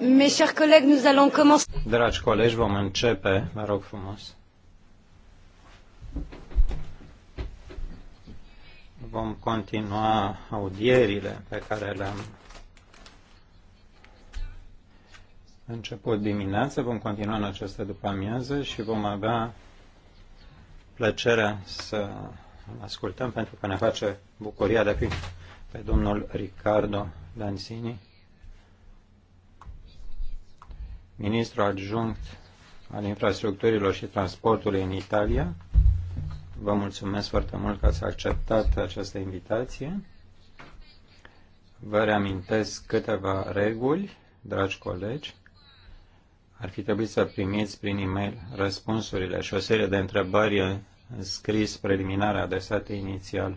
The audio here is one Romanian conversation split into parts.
Mes chers collègues, nous allons commencer. Dragi colegi, vom începe, vă rog frumos. Vom continua audierile pe care le-am început dimineață, vom continua în această după-amiază și vom avea plăcerea să ascultăm pentru că ne face bucuria de a fi pe domnul Ricardo Danzini ministru adjunct al infrastructurilor și transportului în Italia. Vă mulțumesc foarte mult că ați acceptat această invitație. Vă reamintesc câteva reguli, dragi colegi. Ar fi trebuit să primiți prin e-mail răspunsurile și o serie de întrebări scris preliminare adresate inițial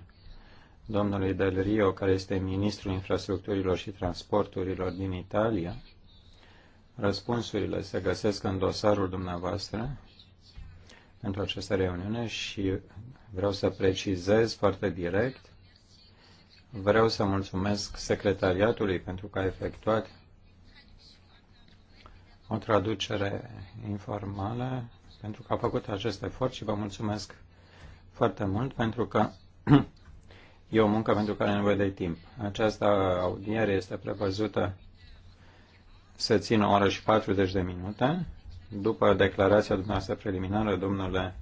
domnului Del Rio, care este ministrul infrastructurilor și transporturilor din Italia. Răspunsurile se găsesc în dosarul dumneavoastră pentru această reuniune și vreau să precizez foarte direct. Vreau să mulțumesc secretariatului pentru că a efectuat o traducere informală, pentru că a făcut acest efort și vă mulțumesc foarte mult pentru că e o muncă pentru care nu vede timp. Această audiere este prevăzută să țină o oră și 40 de minute. După declarația dumneavoastră preliminară, domnule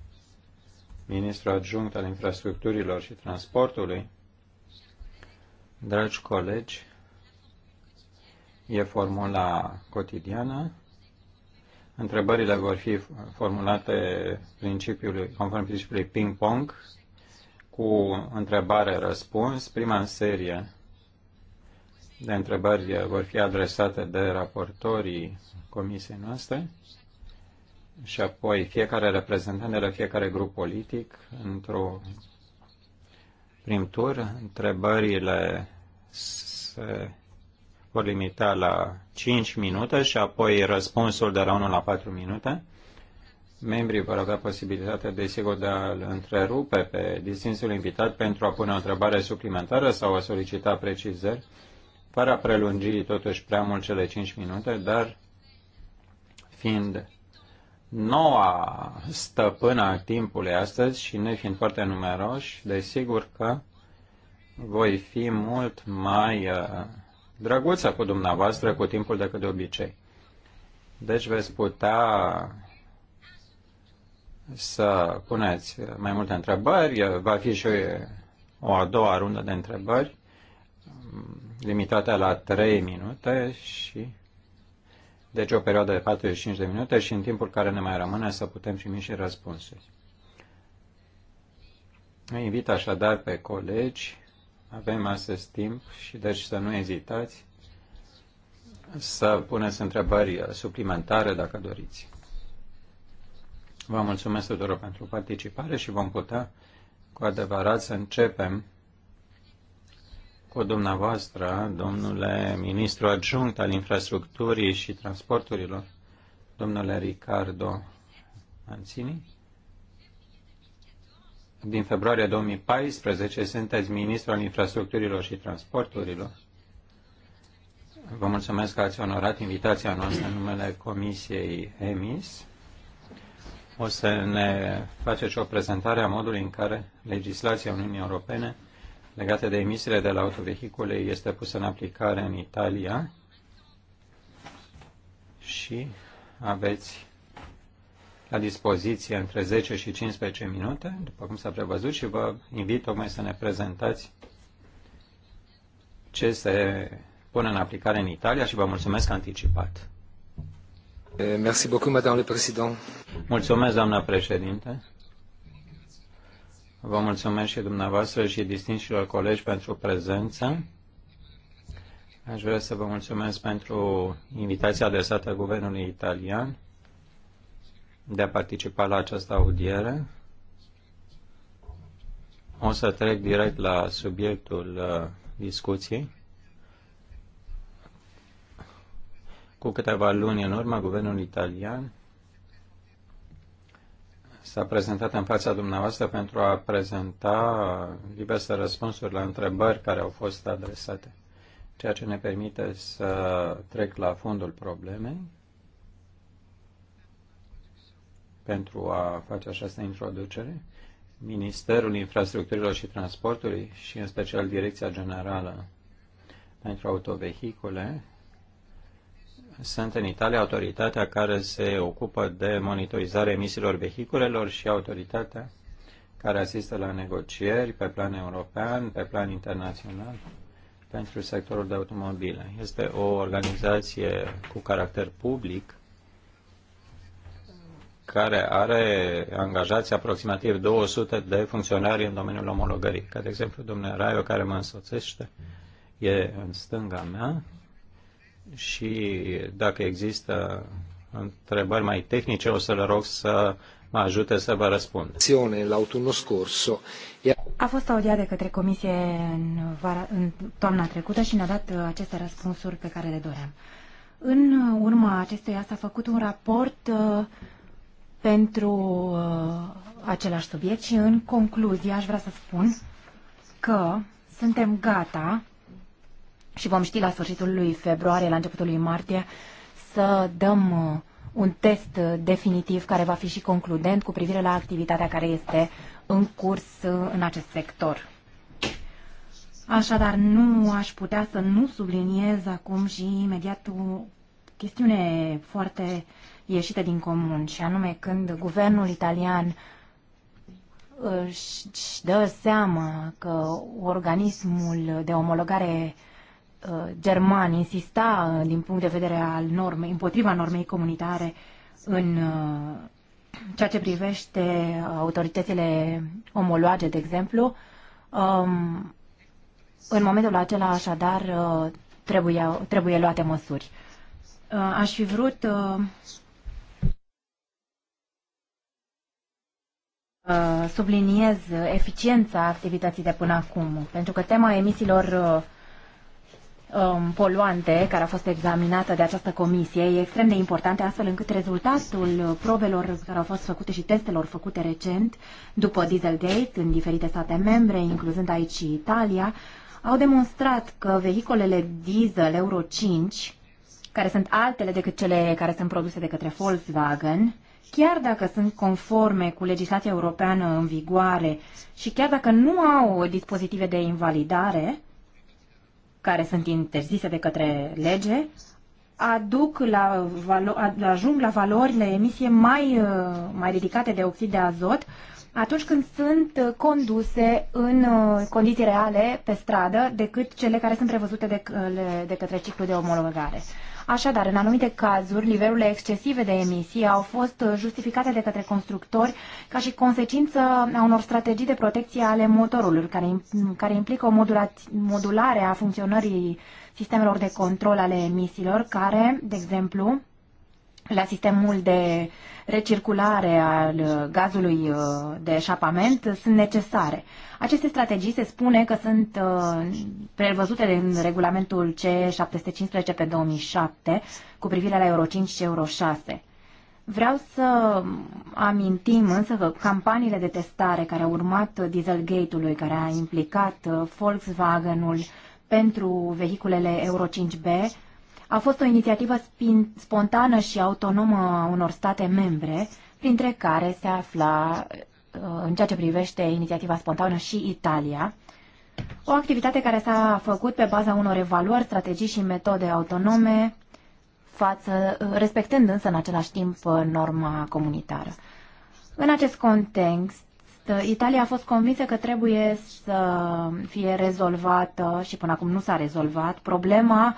ministru adjunct al infrastructurilor și transportului, dragi colegi, e formula cotidiană. Întrebările vor fi formulate principiului, conform principiului ping-pong, cu întrebare-răspuns. Prima în serie de întrebări vor fi adresate de raportorii comisiei noastre și apoi fiecare reprezentant de la fiecare grup politic într-o prim tur. Întrebările se vor limita la 5 minute și apoi răspunsul de la 1 la 4 minute. Membrii vor avea posibilitatea, desigur, de a-l întrerupe pe distinsul invitat pentru a pune o întrebare suplimentară sau a solicita precizări fără a prelungi totuși prea mult cele 5 minute, dar fiind noua stăpână a timpului astăzi și ne fiind foarte numeroși, desigur că voi fi mult mai uh, drăguță cu dumneavoastră cu timpul decât de obicei. Deci veți putea să puneți mai multe întrebări, va fi și o a doua rundă de întrebări limitată la 3 minute și deci o perioadă de 45 de minute și în timpul care ne mai rămâne să putem primi și răspunsuri. Îi invit așadar pe colegi, avem astăzi timp și deci să nu ezitați să puneți întrebări suplimentare dacă doriți. Vă mulțumesc tuturor pentru participare și vom putea cu adevărat să începem cu dumneavoastră, domnule ministru adjunct al infrastructurii și transporturilor, domnule Ricardo Anțini. Din februarie 2014 sunteți ministru al infrastructurilor și transporturilor. Vă mulțumesc că ați onorat invitația noastră în numele Comisiei EMIS. O să ne faceți o prezentare a modului în care legislația Uniunii Europene – legate de emisiile de la autovehicule este pusă în aplicare în Italia și aveți la dispoziție între 10 și 15 minute, după cum s-a prevăzut, și vă invit tocmai să ne prezentați ce se pune în aplicare în Italia și vă mulțumesc anticipat. Eh, merci beaucoup, Madame le Président. Mulțumesc, doamna președinte. Vă mulțumesc și dumneavoastră și distinșilor colegi pentru prezență. Aș vrea să vă mulțumesc pentru invitația adresată Guvernului Italian de a participa la această audiere. O să trec direct la subiectul uh, discuției. Cu câteva luni în urmă, Guvernul Italian s-a prezentat în fața dumneavoastră pentru a prezenta diverse răspunsuri la întrebări care au fost adresate, ceea ce ne permite să trec la fundul problemei pentru a face această introducere. Ministerul Infrastructurilor și Transportului și în special Direcția Generală pentru Autovehicule sunt în Italia autoritatea care se ocupă de monitorizarea emisiilor vehiculelor și autoritatea care asistă la negocieri pe plan european, pe plan internațional pentru sectorul de automobile. Este o organizație cu caracter public care are angajați aproximativ 200 de funcționari în domeniul omologării. Ca de exemplu, domnul Raiu, care mă însoțește, e în stânga mea, și dacă există întrebări mai tehnice, o să le rog să mă ajute să vă răspund. A fost audiat de către comisie în, vara, în toamna trecută și ne-a dat aceste răspunsuri pe care le doream. În urma acestuia s-a făcut un raport uh, pentru uh, același subiect și în concluzie aș vrea să spun că suntem gata și vom ști la sfârșitul lui februarie, la începutul lui martie, să dăm uh, un test uh, definitiv care va fi și concludent cu privire la activitatea care este în curs uh, în acest sector. Așadar, nu aș putea să nu subliniez acum și imediat o chestiune foarte ieșită din comun, și anume când guvernul italian își dă seama că organismul de omologare Uh, german insista uh, din punct de vedere al normei, împotriva normei comunitare în uh, ceea ce privește autoritățile omologe, de exemplu, um, în momentul acela, așadar, trebuie, trebuie luate măsuri. Aș fi vrut subliniez eficiența activității de până acum, pentru că tema emisiilor uh, um, poluante care a fost examinată de această comisie e extrem de importantă, astfel încât rezultatul probelor care au fost făcute și testelor făcute recent după Dieselgate în diferite state membre, incluzând aici și Italia, au demonstrat că vehicolele diesel Euro 5, care sunt altele decât cele care sunt produse de către Volkswagen, chiar dacă sunt conforme cu legislația europeană în vigoare și chiar dacă nu au dispozitive de invalidare, care sunt interzise de către lege, aduc la valo- ajung la valorile emisie mai, uh, mai ridicate de oxid de azot atunci când sunt uh, conduse în uh, condiții reale pe stradă decât cele care sunt prevăzute de, de către ciclu de omologare. Așadar, în anumite cazuri, nivelurile excesive de emisii au fost uh, justificate de către constructori ca și consecință a unor strategii de protecție ale motorului, care, care implică o modulare a funcționării sistemelor de control ale emisiilor, care, de exemplu, la sistemul de recirculare al gazului uh, de eșapament sunt necesare. Aceste strategii se spune că sunt uh, prevăzute în regulamentul C715 pe 2007 cu privire la Euro 5 și Euro 6. Vreau să amintim însă că campaniile de testare care au urmat Dieselgate-ului, care a implicat uh, Volkswagen-ul pentru vehiculele Euro 5B, a fost o inițiativă spontană și autonomă a unor state membre, printre care se afla, uh, în ceea ce privește inițiativa spontană, și Italia. O activitate care s-a făcut pe baza unor evaluări, strategii și metode autonome, față, uh, respectând însă în același timp uh, norma comunitară. În acest context, Italia a fost convinsă că trebuie să fie rezolvată, și până acum nu s-a rezolvat, problema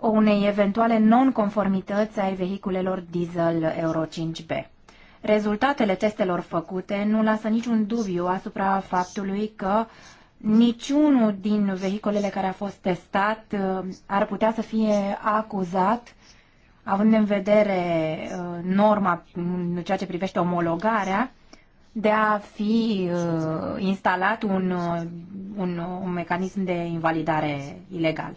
unei eventuale non-conformități ai vehiculelor diesel Euro 5B. Rezultatele testelor făcute nu lasă niciun dubiu asupra faptului că niciunul din vehiculele care a fost testat uh, ar putea să fie acuzat, având în vedere uh, norma în ceea ce privește omologarea, de a fi uh, instalat un, un, un mecanism de invalidare ilegal.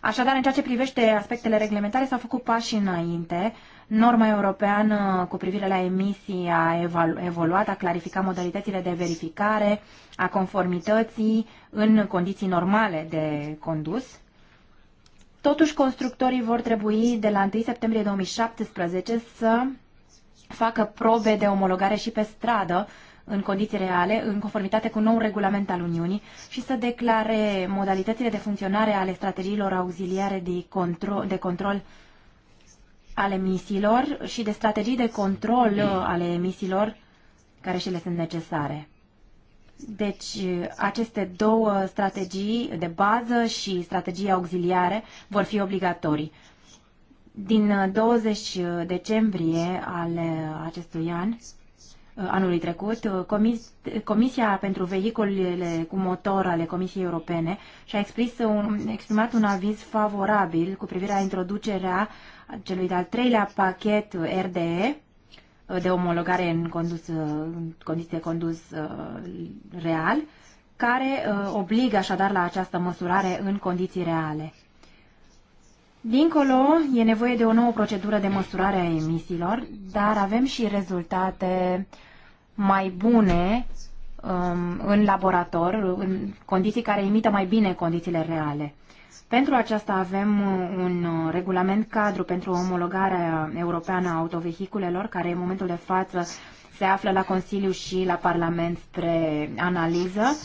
Așadar, în ceea ce privește aspectele reglementare, s-au făcut pași înainte. Norma europeană cu privire la emisii a evoluat, a clarificat modalitățile de verificare a conformității în condiții normale de condus. Totuși, constructorii vor trebui de la 1 septembrie 2017 să facă probe de omologare și pe stradă în condiții reale, în conformitate cu nou regulament al Uniunii și să declare modalitățile de funcționare ale strategiilor auxiliare de control, de control ale misiilor și de strategii de control uh, ale misiilor care și le sunt necesare. Deci, uh, aceste două strategii de bază și strategii auxiliare vor fi obligatorii. Din 20 uh, decembrie al acestui an, Uh, anului trecut, uh, Comisia pentru Vehiculele cu motor ale Comisiei Europene și-a exprimat un, exprimat un aviz favorabil cu privire la introducerea celui de-al treilea pachet RDE uh, de omologare în condus, condiții de condus real, care obligă așadar la această măsurare în condiții reale. Dincolo, e nevoie de o nouă procedură de măsurare a emisiilor, dar avem și rezultate uh, mai bune um, în laborator, în condiții care imită mai bine condițiile reale. Pentru aceasta avem uh, un uh, regulament cadru pentru omologarea europeană a autovehiculelor, care în momentul de față se află la Consiliu și la Parlament spre analiză.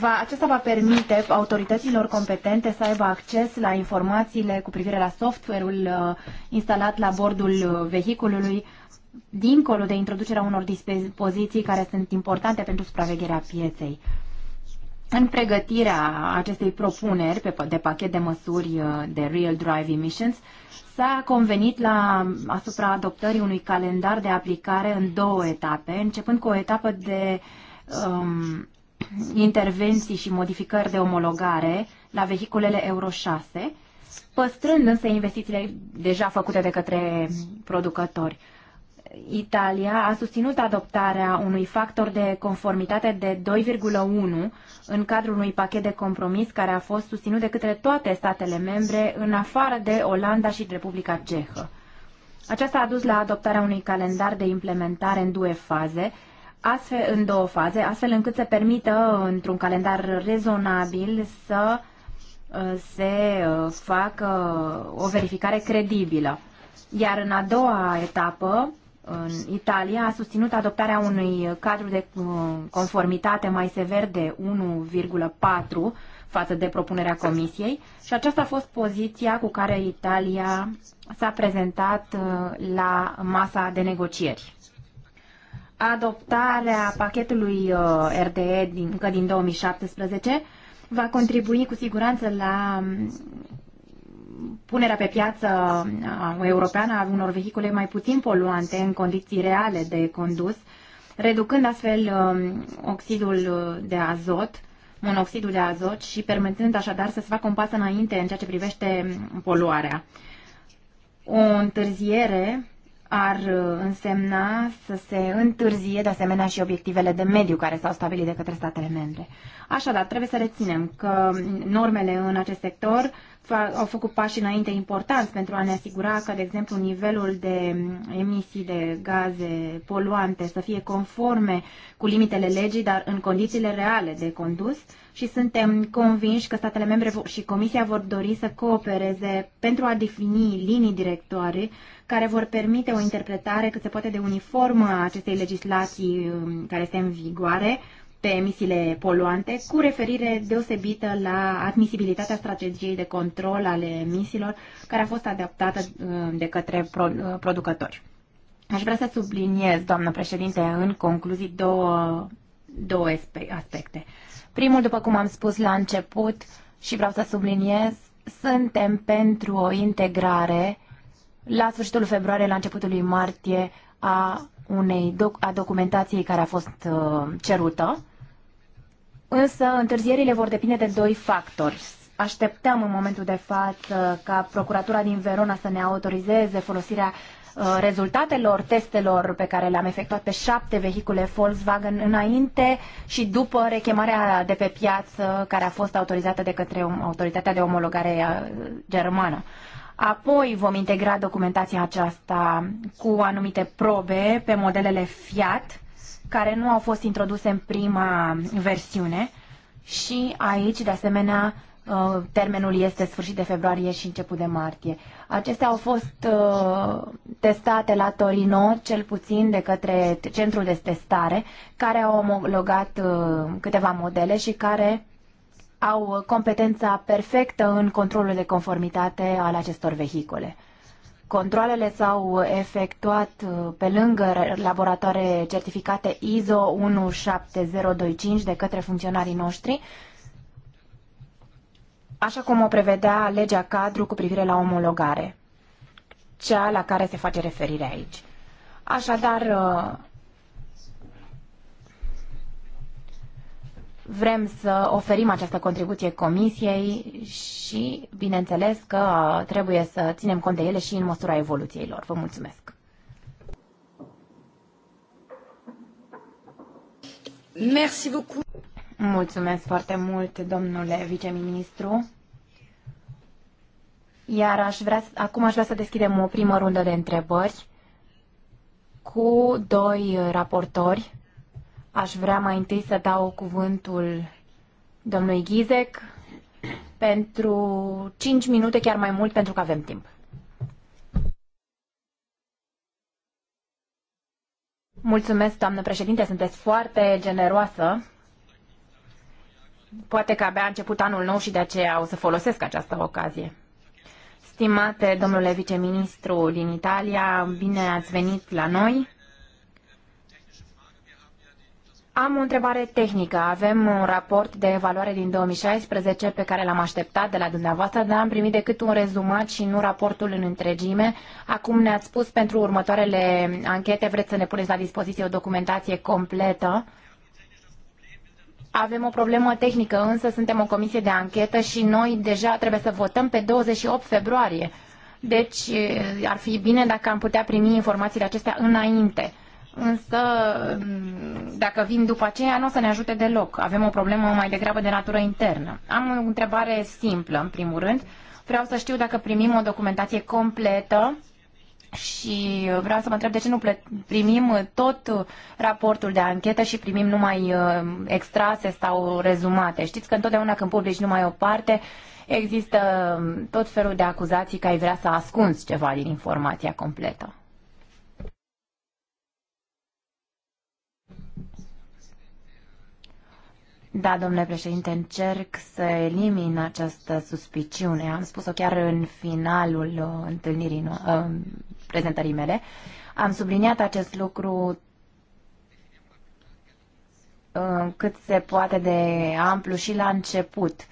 Va, acesta va permite autorităților competente să aibă acces la informațiile cu privire la software-ul uh, instalat la bordul vehiculului, dincolo de introducerea unor dispoziții care sunt importante pentru supravegherea pieței. În pregătirea acestei propuneri de pachet de măsuri uh, de Real Drive Emissions, s-a convenit la, asupra adoptării unui calendar de aplicare în două etape, începând cu o etapă de um, intervenții și modificări de omologare la vehiculele Euro 6, păstrând însă investițiile deja făcute de către producători. Italia a susținut adoptarea unui factor de conformitate de 2,1 în cadrul unui pachet de compromis care a fost susținut de către toate statele membre, în afară de Olanda și Republica Cehă. Aceasta a dus la adoptarea unui calendar de implementare în două faze, astfel, în două faze, astfel încât să permită, într-un calendar rezonabil, să uh, se uh, facă uh, o verificare credibilă. Iar în a doua etapă, în Italia a susținut adoptarea unui cadru de uh, conformitate mai sever de 1,4 față de propunerea Comisiei și aceasta a fost poziția cu care Italia s-a prezentat uh, la masa de negocieri. Adoptarea pachetului uh, RDE din, încă din 2017 va contribui cu siguranță la um, punerea pe piață europeană a unor vehicule mai puțin poluante în condiții reale de condus, reducând astfel um, oxidul de azot, monoxidul de azot și permitând așadar să se facă un pas înainte în ceea ce privește um, poluarea. O întârziere ar uh, însemna să se întârzie de asemenea și obiectivele de mediu care s-au stabilit de către statele membre. Așadar, trebuie să reținem că um, normele în acest sector uh, au făcut pași înainte importanți pentru a ne asigura că, de exemplu, nivelul de emisii de gaze poluante să fie conforme cu limitele legii, dar în condițiile reale de condus și suntem convinși că statele membre și Comisia vor dori să coopereze pentru a defini linii directoare care vor permite o interpretare cât se poate de uniformă a acestei legislații um, care este în vigoare, pe emisiile poluante, cu referire deosebită la admisibilitatea strategiei de control ale emisiilor, care a fost adaptată uh, de către uh, producători. Aș vrea să subliniez, doamnă președinte, în concluzii două, două aspecte. Primul, după cum am spus la început și vreau să subliniez, suntem pentru o integrare la sfârșitul februarie, la începutul lui martie, a unei doc- a documentației care a fost uh, cerută Însă întârzierile vor depinde de doi factori. Așteptăm în momentul de față ca Procuratura din Verona să ne autorizeze folosirea uh, rezultatelor testelor pe care le-am efectuat pe șapte vehicule Volkswagen înainte și după rechemarea de pe piață care a fost autorizată de către autoritatea de omologare uh, germană. Apoi vom integra documentația aceasta cu anumite probe pe modelele Fiat care nu au fost introduse în prima versiune și aici, de asemenea, uh, termenul este sfârșit de februarie și început de martie. Acestea au fost uh, testate la Torino, cel puțin de către centrul de testare, care au omologat uh, câteva modele și care au competența perfectă în controlul de conformitate al acestor vehicule. Controlele s-au efectuat uh, pe lângă laboratoare certificate ISO 17025 de către funcționarii noștri, așa cum o prevedea legea cadru cu privire la omologare, cea la care se face referire aici. Așadar, uh, Vrem să oferim această contribuție comisiei și, bineînțeles, că trebuie să ținem cont de ele și în măsura evoluției lor. Vă mulțumesc! Merci beaucoup. Mulțumesc foarte mult, domnule viceministru. Iar aș vrea, acum aș vrea să deschidem o primă rundă de întrebări cu doi raportori Aș vrea mai întâi să dau cuvântul domnului Ghizec pentru 5 minute, chiar mai mult, pentru că avem timp. Mulțumesc, doamnă președinte, sunteți foarte generoasă. Poate că abia a început anul nou și de aceea o să folosesc această ocazie. Stimate domnule viceministru din Italia, bine ați venit la noi. Am o întrebare tehnică. Avem un raport de evaluare din 2016 pe care l-am așteptat de la dumneavoastră, dar am primit decât un rezumat și nu raportul în întregime. Acum ne-ați spus pentru următoarele anchete, vreți să ne puneți la dispoziție o documentație completă. Avem o problemă tehnică, însă suntem o comisie de anchetă și noi deja trebuie să votăm pe 28 februarie. Deci ar fi bine dacă am putea primi informațiile acestea înainte însă dacă vin după aceea nu o să ne ajute deloc. Avem o problemă mai degrabă de natură internă. Am o întrebare simplă, în primul rând. Vreau să știu dacă primim o documentație completă și vreau să mă întreb de ce nu primim tot raportul de anchetă și primim numai uh, extrase sau rezumate. Știți că întotdeauna când publici numai o parte, există tot felul de acuzații că ai vrea să ascunzi ceva din informația completă. Da, domnule președinte, încerc să elimin această suspiciune. Am spus-o chiar în finalul uh, întâlnirii, uh, prezentării mele. Am subliniat acest lucru uh, cât se poate de amplu și la început.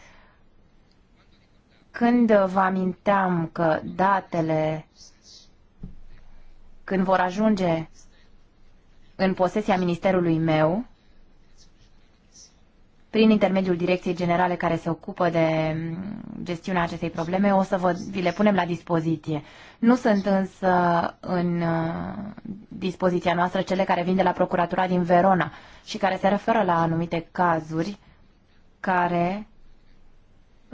Când vă aminteam că datele, când vor ajunge în posesia ministerului meu, prin intermediul direcției generale care se ocupă de mm, gestiunea acestei probleme, o să vă, vi le punem la dispoziție. Nu sunt însă în uh, dispoziția noastră cele care vin de la Procuratura din Verona și care se referă la anumite cazuri care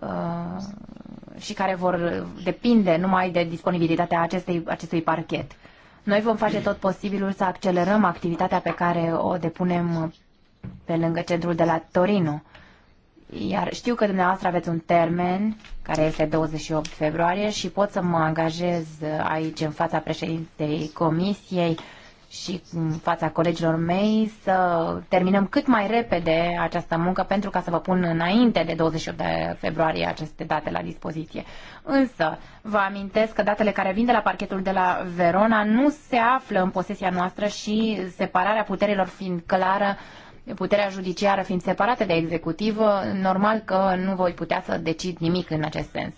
uh, și care vor depinde numai de disponibilitatea acestei, acestui parchet. Noi vom face tot posibilul să accelerăm activitatea pe care o depunem pe lângă centrul de la Torino. Iar știu că dumneavoastră aveți un termen, care este 28 februarie, și pot să mă angajez aici în fața președintei comisiei și în fața colegilor mei să terminăm cât mai repede această muncă pentru ca să vă pun înainte de 28 de februarie aceste date la dispoziție. Însă, vă amintesc că datele care vin de la parchetul de la Verona nu se află în posesia noastră și separarea puterilor fiind clară, uh, puterea judiciară fiind separată de executivă, normal că nu voi putea să decid nimic în acest sens.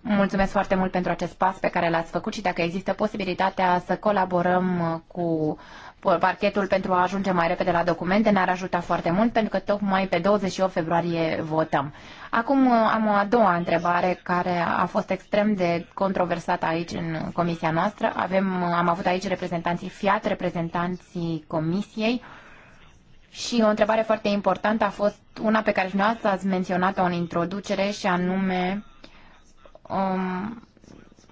Mulțumesc foarte mult pentru acest pas pe care l-ați făcut și dacă există posibilitatea să colaborăm cu parchetul pentru a ajunge mai repede la documente, ne-ar ajuta foarte mult pentru că tocmai pe 28 februarie votăm. Acum am o a doua întrebare care a fost extrem de controversată aici în comisia noastră. Avem, am avut aici reprezentanții FIAT, reprezentanții comisiei. Uh, și o întrebare foarte importantă a fost una pe care și noastră ați menționat-o în introducere și anume um,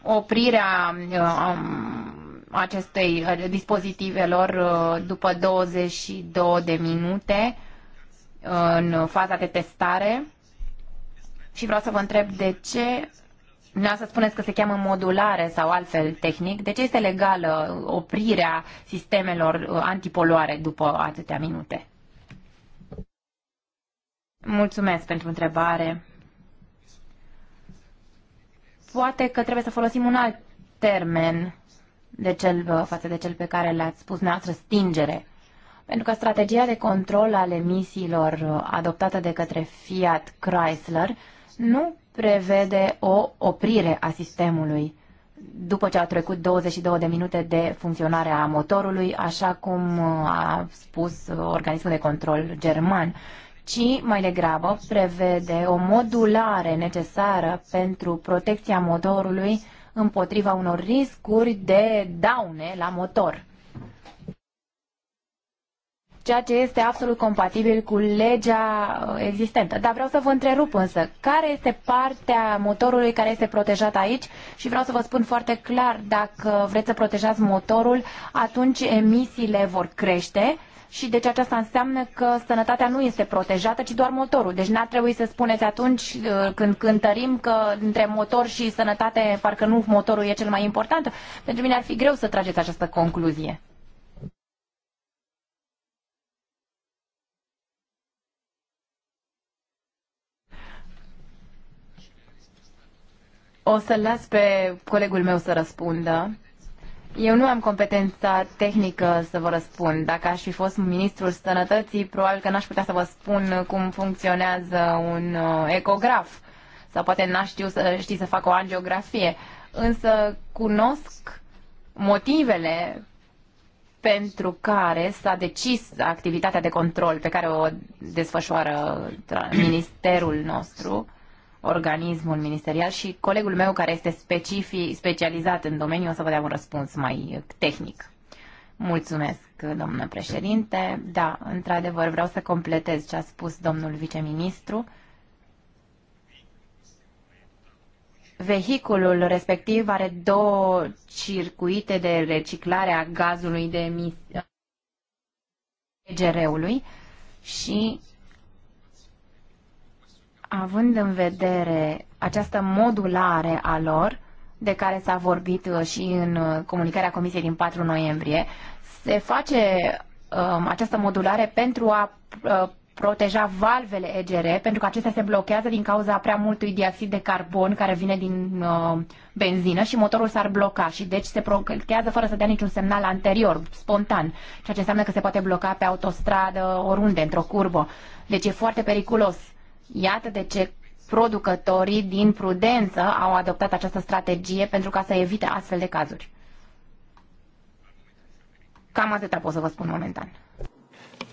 oprirea uh, um, acestei uh, dispozitivelor uh, după 22 de minute în faza de testare. Și vreau să vă întreb de ce nu să spuneți că se cheamă modulare sau altfel tehnic. De ce este legală oprirea sistemelor uh, antipoluare după atâtea minute? Mulțumesc pentru întrebare. Poate că trebuie să folosim un alt termen de cel, uh, față de cel pe care l-ați spus noastră, stingere. Pentru că strategia de control al emisiilor uh, adoptată de către Fiat Chrysler nu prevede o oprire a sistemului după ce a trecut 22 de minute de funcționare a motorului, așa cum a spus organismul de control german, ci mai degrabă prevede o modulare necesară pentru protecția motorului împotriva unor riscuri de daune la motor ceea ce este absolut compatibil cu legea uh, existentă. Dar vreau să vă întrerup însă, care este partea motorului care este protejată aici și vreau să vă spun foarte clar, dacă vreți să protejați motorul, atunci emisiile vor crește și deci aceasta înseamnă că sănătatea nu este protejată, ci doar motorul. Deci n-ar trebui să spuneți atunci uh, când cântărim că între motor și sănătate parcă nu motorul e cel mai important. Pentru mine ar fi greu să trageți această concluzie. O să las pe colegul meu să răspundă. Eu nu am competența tehnică să vă răspund. Dacă aș fi fost ministrul sănătății, probabil că n-aș putea să vă spun cum funcționează un uh, ecograf. Sau poate n-aș știu să știi să fac o angiografie. Însă cunosc motivele pentru care s-a decis activitatea de control pe care o desfășoară ministerul nostru organismul ministerial și colegul meu care este specific, specializat în domeniu o să vă dea un răspuns mai tehnic. Mulțumesc, domnule președinte. Da, într-adevăr, vreau să completez ce a spus domnul viceministru. Vehiculul respectiv are două circuite de reciclare a gazului de emisie GR-ului și având în vedere această modulare a lor, de care s-a vorbit uh, și în uh, comunicarea Comisiei din 4 noiembrie, se face um, această modulare pentru a uh, proteja valvele EGR, pentru că acestea se blochează din cauza prea multui dioxid de carbon care vine din uh, benzină și motorul s-ar bloca și deci se blochează fără să dea niciun semnal anterior, spontan, ceea ce înseamnă că se poate bloca pe autostradă, oriunde, într-o curbă. Deci e foarte periculos Iată de ce producătorii din prudență au adoptat această strategie pentru ca să evite astfel de cazuri. Cam atâta pot să vă spun momentan.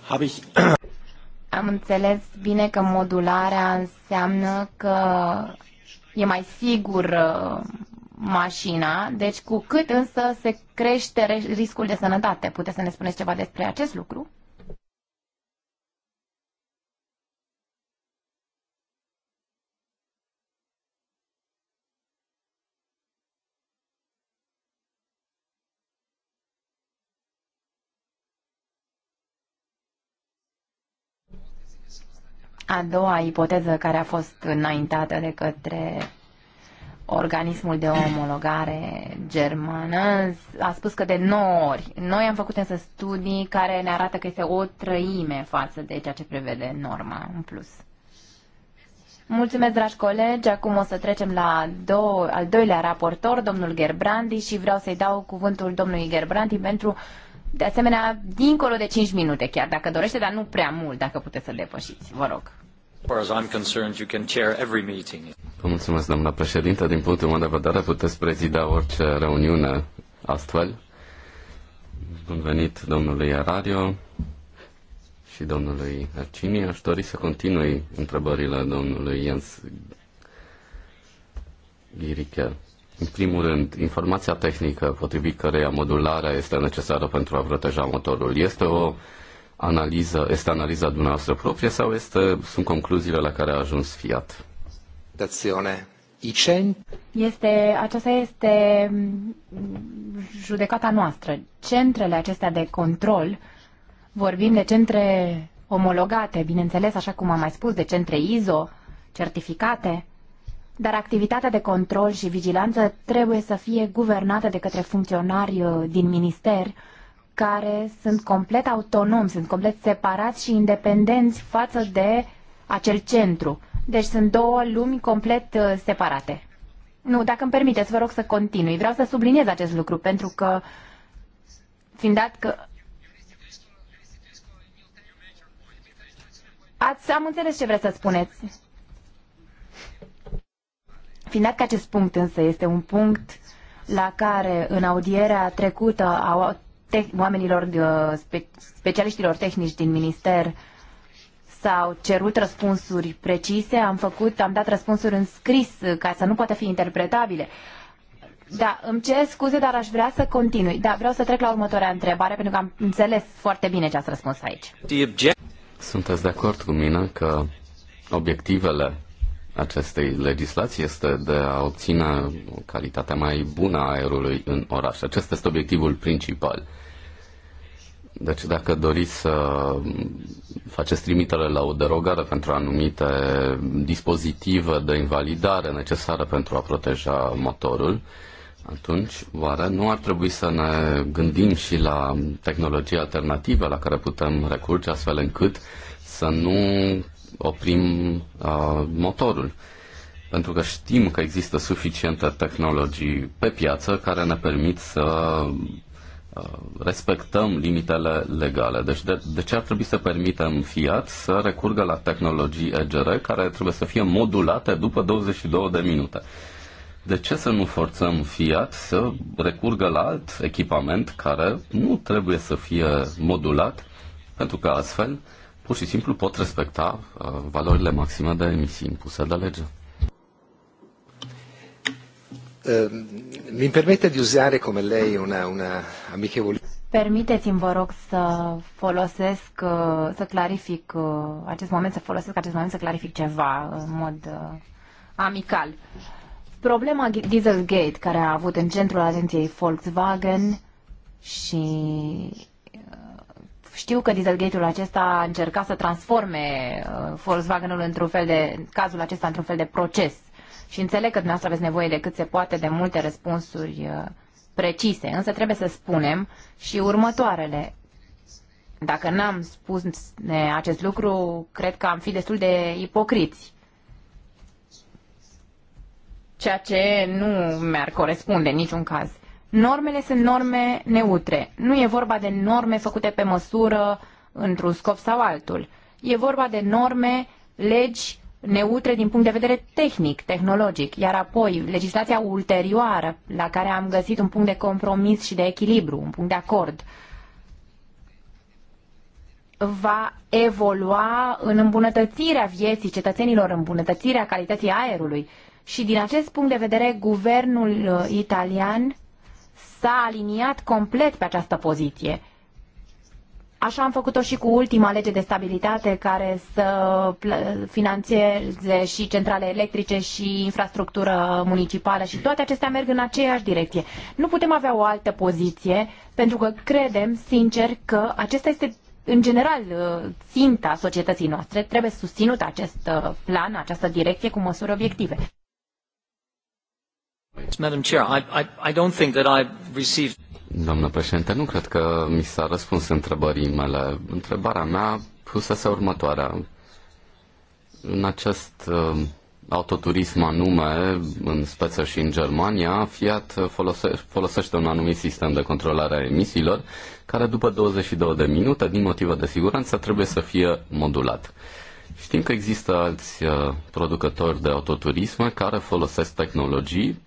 Am înțeles bine că modularea înseamnă că e mai sigur uh, mașina, deci cu cât însă se crește riscul de sănătate. Puteți să ne spuneți ceva despre acest lucru? A doua ipoteză care a fost înaintată de către organismul de omologare germană a spus că de 9 ori. Noi am făcut însă studii care ne arată că este o trăime față de ceea ce prevede norma în plus. Mulțumesc, dragi colegi. Acum o să trecem la dou- al doilea raportor, domnul Gerbrandi, și vreau să-i dau cuvântul domnului Gerbrandi pentru, de asemenea, dincolo de 5 minute chiar, dacă dorește, dar nu prea mult, dacă puteți să depășiți. Vă rog. Vă mulțumesc, doamna președintă. Din punctul meu de vedere, puteți prezida orice reuniune astfel. Bun venit domnului Arario și domnului Arcini. Aș dori să continui întrebările domnului Jens Ghiriche. În primul rând, informația tehnică potrivit căreia modularea este necesară pentru a proteja motorul este o analiză, este analiza dumneavoastră proprie sau este, sunt concluziile la care a ajuns Fiat? Este, aceasta este mm, judecata noastră. Centrele acestea de control, vorbim de centre omologate, bineînțeles, așa cum am mai spus, de centre ISO, certificate, dar activitatea de control și vigilanță trebuie să fie guvernată de către funcționari uh, din minister care sunt complet autonomi, sunt complet separați și independenți față de acel centru. Deci sunt două lumi complet uh, separate. Nu, dacă îmi permiteți, vă rog să continui. Vreau să subliniez acest lucru, pentru că, fiind dat că Ați, am înțeles ce vreți să spuneți. Fiind dat că acest punct însă este un punct la care în audierea trecută au te- oamenilor, uh, spe- specialiștilor tehnici din minister s-au cerut răspunsuri precise, am făcut, am dat răspunsuri în scris uh, ca să nu poată fi interpretabile. Da, îmi cer scuze, dar aș vrea să continui. Da, vreau să trec la următoarea întrebare, pentru că am înțeles foarte bine ce ați răspuns aici. Sunteți de acord cu mine că obiectivele acestei legislații este de a obține o calitate mai bună a aerului în oraș. Acesta este obiectivul principal. Deci dacă doriți să faceți trimitere la o derogare pentru anumite dispozitive de invalidare necesară pentru a proteja motorul, atunci, oare nu ar trebui să ne gândim și la tehnologie alternativă la care putem recurge astfel încât să nu oprim uh, motorul? Pentru că știm că există suficiente tehnologii pe piață care ne permit să Uh, respectăm limitele legale. Deci de, de ce ar trebui să permitem Fiat să recurgă la tehnologii EGR care trebuie să fie modulate după 22 de minute? De ce să nu forțăm Fiat să recurgă la alt echipament care nu trebuie să fie modulat, pentru că astfel pur și simplu pot respecta uh, valorile maxime de emisii impuse de lege? Ehm, mi permette di usare come lei una, una amichevole... Permiteți-mi, vă rog, să folosesc, uh, să clarific uh, acest moment, să folosesc acest moment să clarific ceva uh, în mod amical. Problema Dieselgate care a avut în centrul atenției Volkswagen și știu că Dieselgate-ul acesta a încercat să transforme Volkswagen-ul într-un fel de, cazul acesta într-un fel de proces și înțeleg că dumneavoastră aveți nevoie de cât se poate de multe răspunsuri uh, precise, însă trebuie să spunem și următoarele. Dacă n-am spus acest lucru, cred că am fi destul de ipocriți. Ceea ce nu mi-ar corespunde în niciun caz. Normele sunt norme neutre. Nu e vorba de norme făcute pe măsură într-un scop sau altul. E vorba de norme, legi neutre din punct de vedere tehnic, tehnologic, iar apoi legislația ulterioară la care am găsit un punct de compromis și de echilibru, un punct de acord, va evolua în îmbunătățirea vieții cetățenilor, îmbunătățirea calității aerului. Și din acest punct de vedere, guvernul uh, italian s-a aliniat complet pe această poziție Așa am făcut-o și cu ultima lege de stabilitate care să finanțeze și centrale electrice și infrastructură municipală și toate acestea merg în aceeași direcție. Nu putem avea o altă poziție pentru că credem sincer că acesta este în general uh, ținta societății noastre. Trebuie susținut acest uh, plan, această direcție cu măsuri obiective. Madam Chair, I, I, I don't think that I've received Doamnă președinte, nu cred că mi s-a răspuns întrebării mele. Întrebarea mea pusese următoarea. În acest uh, autoturism anume, în speță și în Germania, Fiat folose- folosește un anumit sistem de controlare a emisiilor, care după 22 de minute, din motive de siguranță, trebuie să fie modulat. Știm că există alți uh, producători de autoturisme care folosesc tehnologii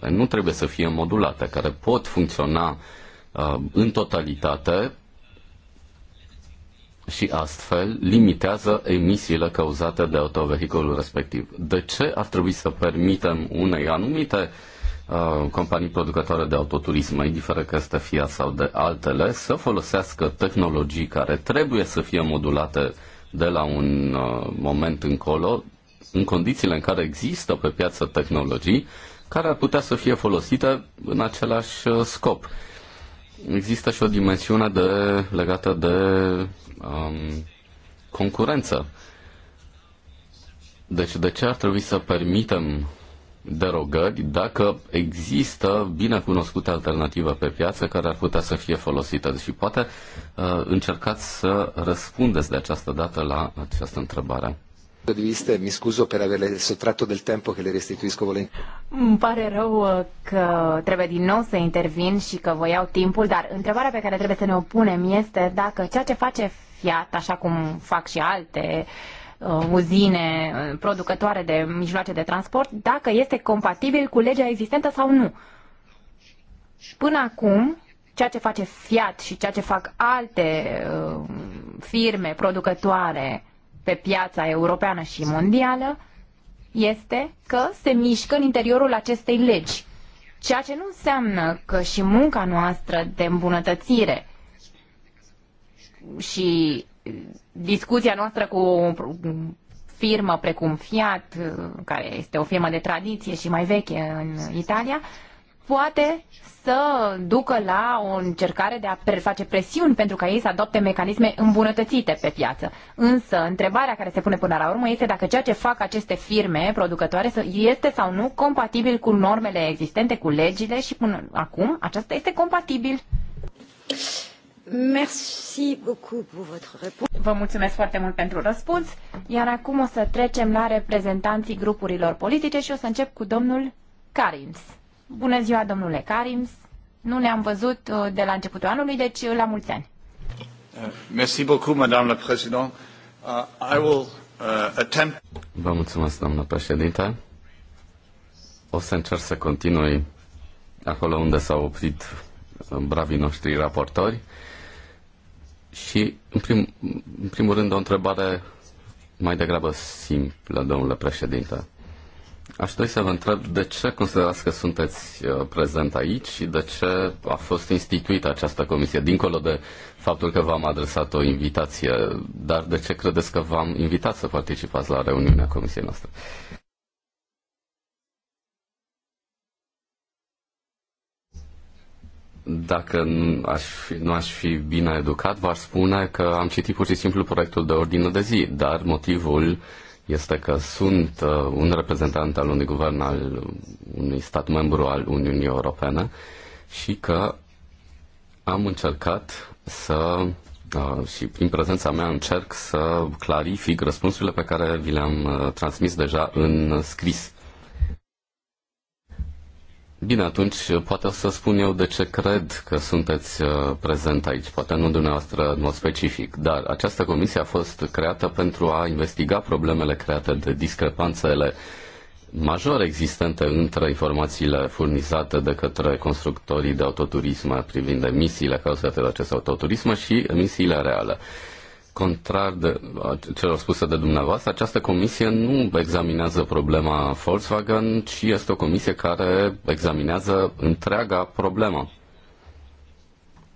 care nu trebuie să fie modulate, care pot funcționa uh, în totalitate și astfel limitează emisiile cauzate de autovehiculul respectiv. De ce ar trebui să permitem unei anumite uh, companii producătoare de autoturism, indiferent că este FIA sau de altele, să folosească tehnologii care trebuie să fie modulate de la un uh, moment încolo, în condițiile în care există pe piață tehnologii care ar putea să fie folosite în același uh, scop. Există și o dimensiune de, legată de um, concurență. Deci de ce ar trebui să permitem derogări dacă există bine cunoscute alternative pe piață care ar putea să fie folosită? Și deci, poate uh, încercați să răspundeți de această dată la această întrebare di vista, mi scuso per averle sottratto del tempo che le restituisco volentieri. Mi pare rău uh, că trebuie din nou să intervin și că voi iau timpul, dar întrebarea pe care trebuie să ne o punem este dacă ceea ce face Fiat, așa cum fac și alte uh, uzine uh, producătoare de mijloace de transport, dacă este compatibil cu legea existentă sau nu. Până acum, ceea ce face Fiat și ceea ce fac alte uh, firme producătoare pe piața europeană și mondială este că se mișcă în interiorul acestei legi. Ceea ce nu înseamnă că și munca noastră de îmbunătățire și discuția noastră cu o firmă precum Fiat, care este o firmă de tradiție și mai veche în Italia, poate să ducă la o încercare de a face presiuni pentru ca ei să adopte mecanisme îmbunătățite pe piață. Însă, întrebarea care se pune până la urmă este dacă ceea ce fac aceste firme producătoare este sau nu compatibil cu normele existente, cu legile și până acum aceasta este compatibil. Merci beaucoup pour votre réponse. Vă mulțumesc foarte mult pentru răspuns, iar acum o să trecem la reprezentanții grupurilor politice și o să încep cu domnul Carims. Bună ziua, domnule Karims. Nu ne-am văzut uh, de la începutul anului, deci uh, la mulți ani. Uh, merci beaucoup, madame la président. Uh, I will uh, attempt... Vă mulțumesc, doamnă președinte. O să încerc să continui acolo unde s-au oprit bravii noștri raportori. Și, în, prim, în primul rând, o întrebare mai degrabă simplă, domnule președinte. Aș dori să vă întreb de ce considerați că sunteți uh, prezent aici și de ce a fost instituită această comisie, dincolo de faptul că v-am adresat o invitație, dar de ce credeți că v-am invitat să participați la reuniunea comisiei noastre? dacă nu aș, fi, nu aș fi bine educat, v-aș spune că am citit pur și simplu proiectul de ordine de zi, dar motivul este că sunt uh, un reprezentant al unui guvern al unui stat membru al Uniunii Europene și că am încercat să uh, și prin prezența mea încerc să clarific răspunsurile pe care vi le-am uh, transmis deja în scris. Bine, atunci poate să spun eu de ce cred că sunteți uh, prezent aici, poate nu dumneavoastră în mod specific, dar această comisie a fost creată pentru a investiga problemele create de discrepanțele majore existente între informațiile furnizate de către constructorii de autoturisme privind emisiile cauzate de acest autoturisme și emisiile reale contrar de celor spuse de dumneavoastră, această comisie nu examinează problema Volkswagen, ci este o comisie care examinează întreaga problemă,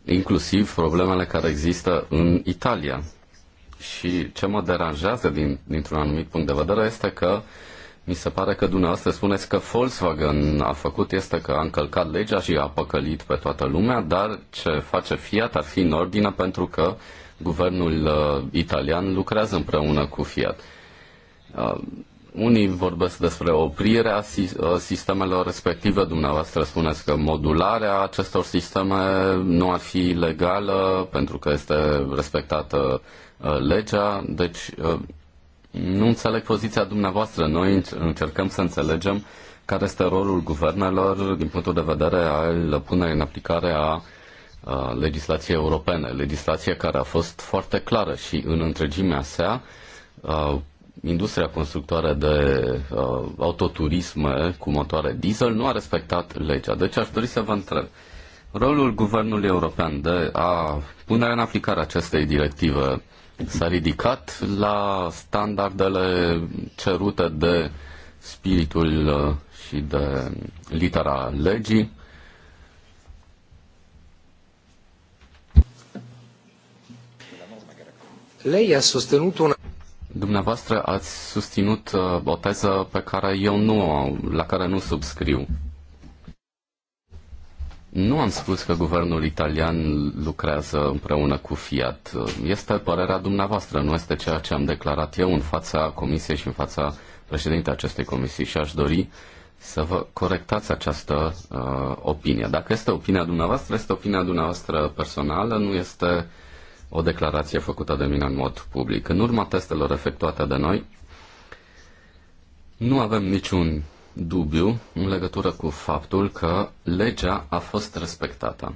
inclusiv problemele care există în Italia. Și ce mă deranjează din, dintr-un anumit punct de vedere este că uh, mi se pare că dumneavoastră spuneți că Volkswagen a făcut este că a încălcat legea și a păcălit pe toată lumea, dar ce face Fiat ar fi în ordine pentru că guvernul uh, italian lucrează împreună cu Fiat. Uh, unii vorbesc despre oprirea uh, sistemelor respective, dumneavoastră spuneți că modularea acestor sisteme nu ar fi legală pentru că este respectată uh, legea, deci uh, nu înțeleg poziția dumneavoastră. Noi încercăm să înțelegem care este rolul guvernelor din punctul de vedere al punerii în aplicare a legislației europene, legislație care a fost foarte clară și în întregimea sa industria constructoare de autoturism autoturisme cu motoare diesel nu a respectat legea. Deci aș dori să vă întreb. Rolul guvernului european de a pune în aplicare acestei directive s-a ridicat la standardele cerute de spiritul uh, și de litera legii. Lei a sostenut una... Dumneavoastră ați susținut uh, o teză pe care eu nu, la care nu subscriu. Nu am spus că guvernul italian lucrează împreună cu Fiat. Este părerea dumneavoastră, nu este ceea ce am declarat eu în fața comisiei și în fața președintei acestei comisii și aș dori să vă corectați această uh, opinie. Dacă este opinia dumneavoastră, este opinia dumneavoastră personală, nu este o declarație făcută de mine în mod public. În urma testelor efectuate de noi, nu avem niciun dubiu în legătură cu faptul că legea a fost respectată.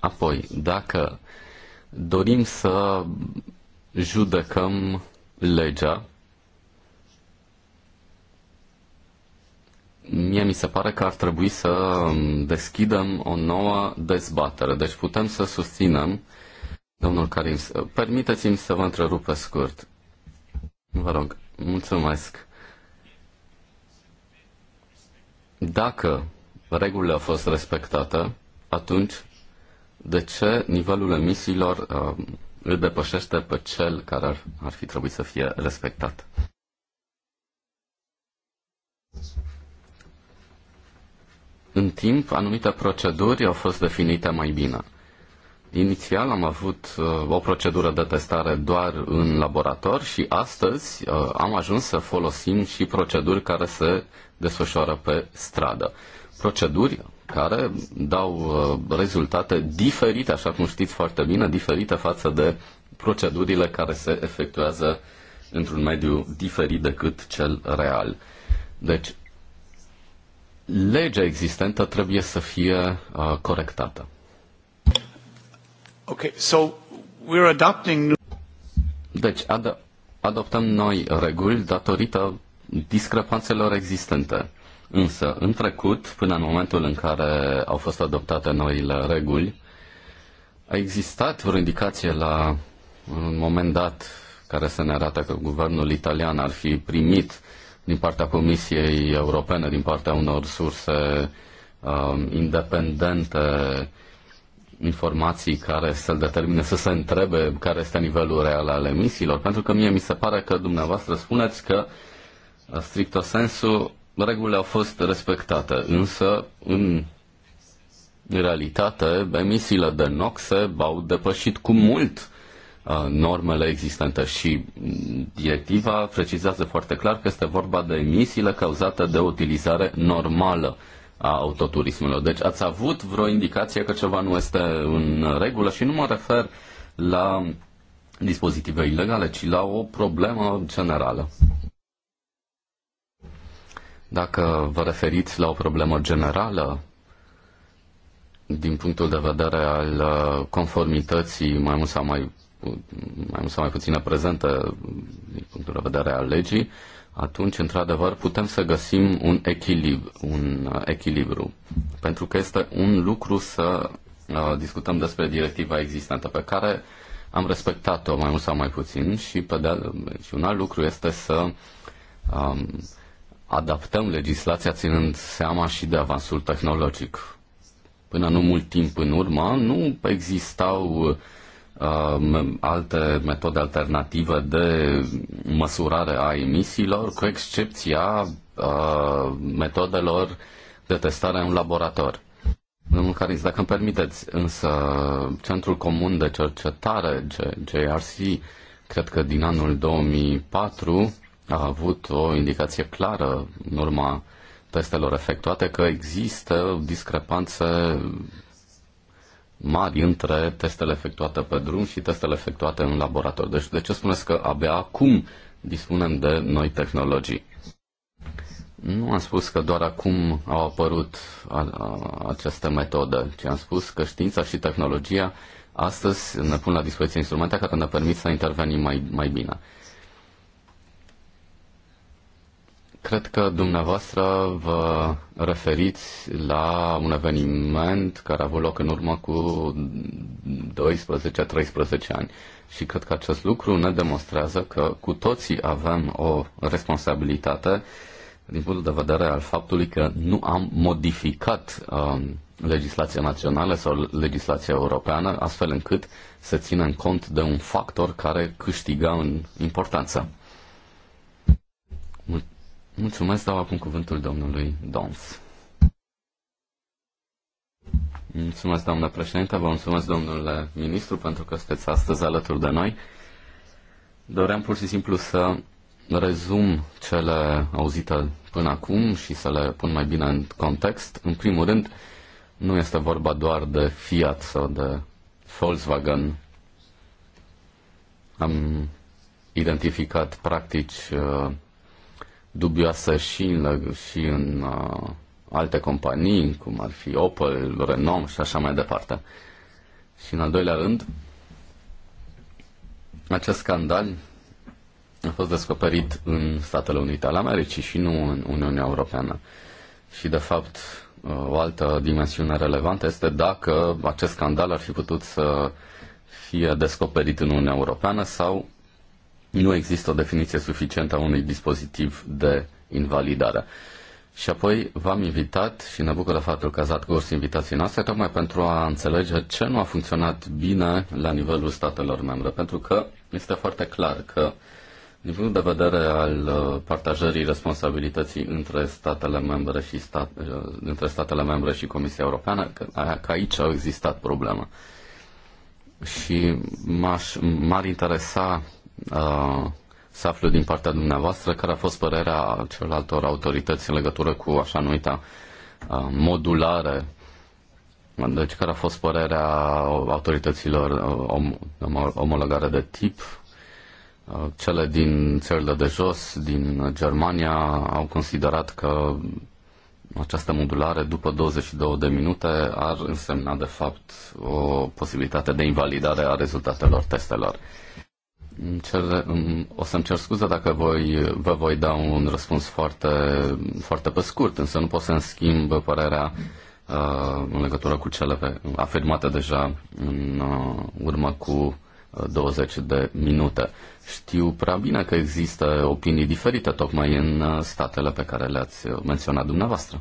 Apoi, dacă dorim să judecăm legea, mie mi se pare că ar trebui să deschidem o nouă dezbatere. Deci putem să susținem, domnul Karim, permiteți-mi să vă întrerup pe scurt. Vă rog, mulțumesc. Dacă regulile au fost respectate, atunci de ce nivelul emisiilor uh, îl depășește pe cel care ar, ar fi trebuit să fie respectat? În timp, anumite proceduri au fost definite mai bine. Inițial am avut uh, o procedură de testare doar în laborator și astăzi uh, am ajuns să folosim și proceduri care se desfășoară pe stradă. Proceduri care dau uh, rezultate diferite, așa cum știți foarte bine, diferite față de procedurile care se efectuează într-un mediu diferit decât cel real. Deci, legea existentă trebuie să fie corectată. Okay, so we're adopting... Deci, ad- adoptăm noi reguli datorită discrepanțelor existente. Însă, în trecut, până în momentul în care au fost adoptate noile reguli, a existat o indicație la un moment dat care să ne arată că guvernul italian ar fi primit din partea Comisiei Europene, din partea unor surse uh, independente, informații care să-l determine să se întrebe care este nivelul real al emisiilor, pentru că mie mi se pare că dumneavoastră spuneți că uh, stricto sensu regulile au fost respectate, însă în realitate emisiile de noxe au depășit cu mult uh, normele existente și mm, directiva precizează foarte clar că este vorba de emisiile cauzate de utilizare normală a autoturismelor. Deci ați avut vreo indicație că ceva nu este în regulă și nu mă refer la dispozitive ilegale, ci la o problemă generală. Dacă vă referiți la o problemă generală, din punctul de vedere al uh, conformității mai mult sau mai, mai, mult sau mai puțină prezente din punctul de vedere al legii, atunci, într-adevăr, putem să găsim un, echilibru, un uh, echilibru. Pentru că este un lucru să uh, discutăm despre directiva existentă pe care am respectat-o mai mult sau mai puțin și, pe de și un alt lucru este să um, adaptăm legislația ținând seama și de avansul tehnologic. Până nu mult timp în urmă nu existau Um, alte metode alternative de măsurare a emisiilor, cu excepția uh, metodelor de testare în laborator. Domnul Caris, dacă îmi permiteți, însă Centrul Comun de Cercetare, JRC, cred că din anul 2004 a avut o indicație clară în urma testelor efectuate că există discrepanțe mari între testele efectuate pe drum și testele efectuate în laborator. Deci de ce spuneți că abia acum dispunem de noi tehnologii? Nu am spus că doar acum au apărut a, a, aceste metode, ci am spus că știința și tehnologia astăzi ne pun la dispoziție instrumente care ne permit să intervenim mai, mai bine. Cred că dumneavoastră vă referiți la un eveniment care a avut loc în urmă cu 12-13 ani. Și cred că acest lucru ne demonstrează că cu toții avem o responsabilitate din punctul de vedere al faptului că nu am modificat um, legislația națională sau legislația europeană astfel încât să în cont de un factor care câștiga în importanță. Mulțumesc, dau acum cuvântul domnului Dons. Mulțumesc, doamnă președinte, vă mulțumesc, domnule ministru, pentru că sunteți astăzi alături de noi. Doream pur și simplu să rezum cele auzite până acum și să le pun mai bine în context. În primul rând, nu este vorba doar de Fiat sau de Volkswagen. Am identificat practici uh, dubioasă și în, și în uh, alte companii, cum ar fi Opel, Renault și așa mai departe. Și în al doilea rând, acest scandal a fost descoperit în Statele Unite ale Americii și nu în Uniunea Europeană. Și, de fapt, uh, o altă dimensiune relevantă este dacă acest scandal ar fi putut să fie descoperit în Uniunea Europeană sau nu există o definiție suficientă a unui dispozitiv de invalidare. Și apoi v-am invitat și ne bucură faptul că ați dat invitații noastre tocmai pentru a înțelege ce nu a funcționat bine la nivelul statelor membre. Pentru că este foarte clar că din punct de vedere al uh, partajării responsabilității între statele membre și, stat, uh, între statele membre și Comisia Europeană, că, că aici au existat probleme. Și m-ar interesa Uh, să aflu din partea dumneavoastră care a fost părerea celorlaltor autorități în legătură cu așa numita uh, modulare. Deci care a fost părerea autorităților uh, om, om, omologare de tip, cele din țările de jos, din Germania, au considerat că această modulare după 22 de minute ar însemna de fapt o posibilitate de invalidare a rezultatelor testelor cer, o să-mi cer scuze dacă voi, vă voi da un răspuns foarte, foarte pe scurt, însă nu pot să-mi schimb părerea uh, în legătură cu cele afirmate deja în uh, urmă cu 20 uh, de minute. Știu prea bine că există opinii diferite tocmai în uh, statele pe care le-ați menționat dumneavoastră.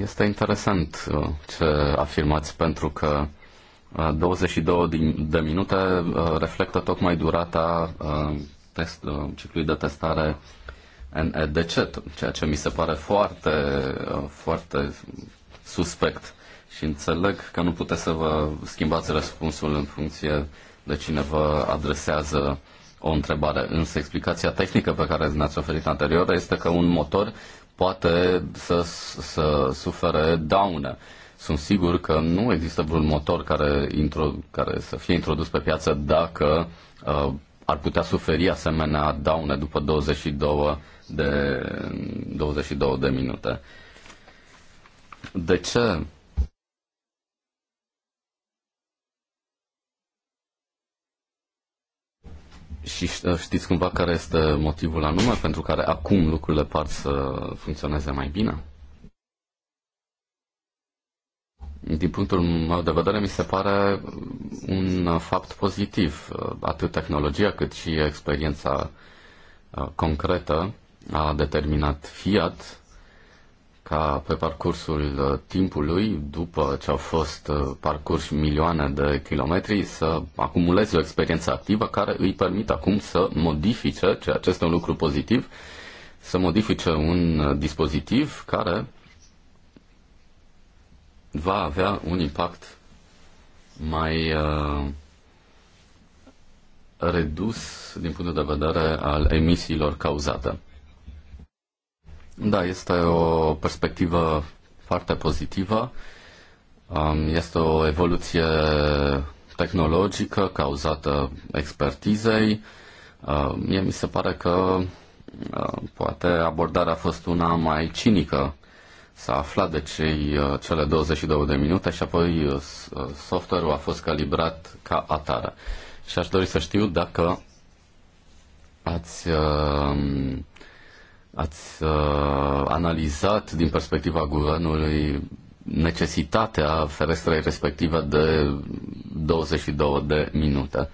Este interesant uh, ce afirmați, pentru că 22 uh, de minute uh, reflectă tocmai durata test, ciclului de testare NEDC, ceea ce mi se pare foarte, foarte suspect. Și înțeleg că nu puteți să vă schimbați răspunsul în funcție de cine vă adresează o întrebare. Însă explicația tehnică pe care ne-ați oferit anterior este că un motor poate să, să sufere daune. Sunt sigur că nu există vreun motor care, intro, care să fie introdus pe piață dacă uh, ar putea suferi asemenea daune după 22 de, 22 de minute. De ce Și ă, știți cumva care este motivul anume pentru care acum lucrurile par să funcționeze mai bine? Din punctul meu de vedere, mi se pare un fapt pozitiv. Ă, atât tehnologia cât și experiența ă, concretă a determinat Fiat ca pe parcursul uh, timpului, după ce au fost uh, parcursi milioane de kilometri, să acumulezi o experiență activă care îi permit acum să modifice, ceea ce este un lucru pozitiv, să modifice un uh, dispozitiv care va avea un impact mai uh, redus din punct de vedere al emisiilor cauzate. Da, este o perspectivă foarte pozitivă. Este o evoluție tehnologică cauzată expertizei. Mie mi se pare că poate abordarea a fost una mai cinică. S-a aflat de cei, cele 22 de minute și apoi uh, uh, software-ul a fost calibrat ca atare. Și aș dori să știu dacă ați uh, ați uh, analizat din perspectiva guvernului necesitatea ferestrei respective de 22 de minute.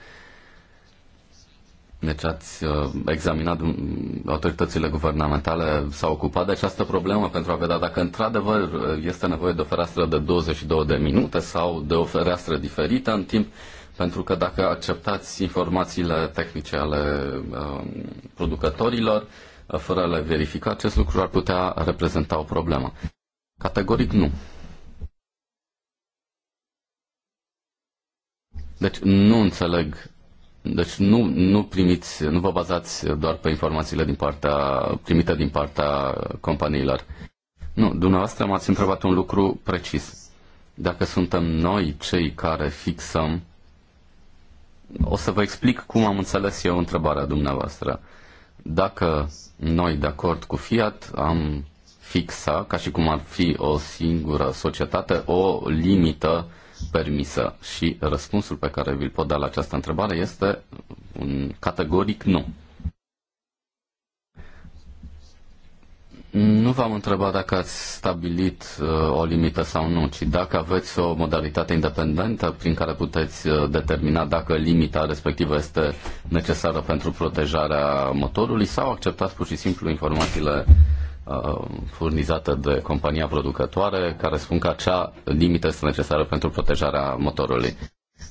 Deci ați uh, examinat, autoritățile guvernamentale s-au ocupat de această problemă pentru a vedea dacă într-adevăr uh, este nevoie de o fereastră de 22 de minute sau de o fereastră diferită în timp, pentru că dacă acceptați informațiile tehnice ale uh, producătorilor, uh, fără a le verifica, acest lucru ar putea reprezenta o problemă. Categoric nu. Deci nu înțeleg deci nu, nu primiți, nu vă bazați doar pe informațiile din partea, primite din partea companiilor. Nu, dumneavoastră m-ați întrebat un lucru precis. Dacă suntem noi cei care fixăm, o să vă explic cum am înțeles eu întrebarea dumneavoastră. Uh, dacă noi, de acord cu Fiat, am fixa, ca și cum ar fi o singură societate, o limită permisă? Și răspunsul pe care vi-l pot da la această întrebare este un categoric nu. Nu v-am întrebat dacă ați stabilit uh, o limită sau nu, ci dacă aveți o modalitate independentă prin care puteți uh, determina dacă limita respectivă este necesară pentru protejarea motorului sau acceptați pur și simplu informațiile uh, furnizate de compania producătoare care spun că acea limită este necesară pentru protejarea motorului.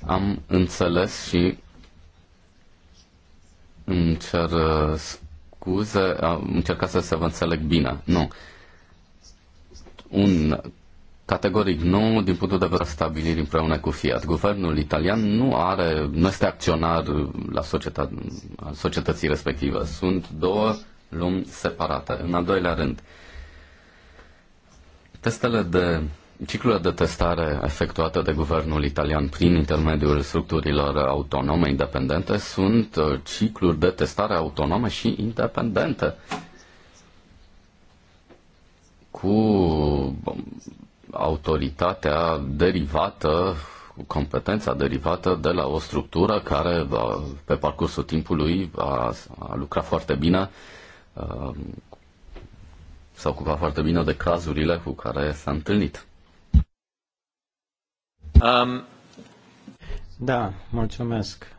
Am înțeles și îmi cer uh, scuză, am încercat să vă înțeleg bine. Nu. Un categoric nu din punctul de vedere stabilirii împreună cu Fiat. Guvernul italian nu are, nu este acționar la societate, societății respective. Sunt două lumi separate. În al doilea rând, testele de Ciclurile de testare efectuate de guvernul italian prin intermediul structurilor autonome independente sunt uh, cicluri de testare autonome și independente cu autoritatea derivată, cu competența derivată de la o structură care uh, pe parcursul timpului a, a lucrat foarte bine uh, s-a ocupat foarte bine de cazurile cu care s-a întâlnit. Um, da, mulțumesc,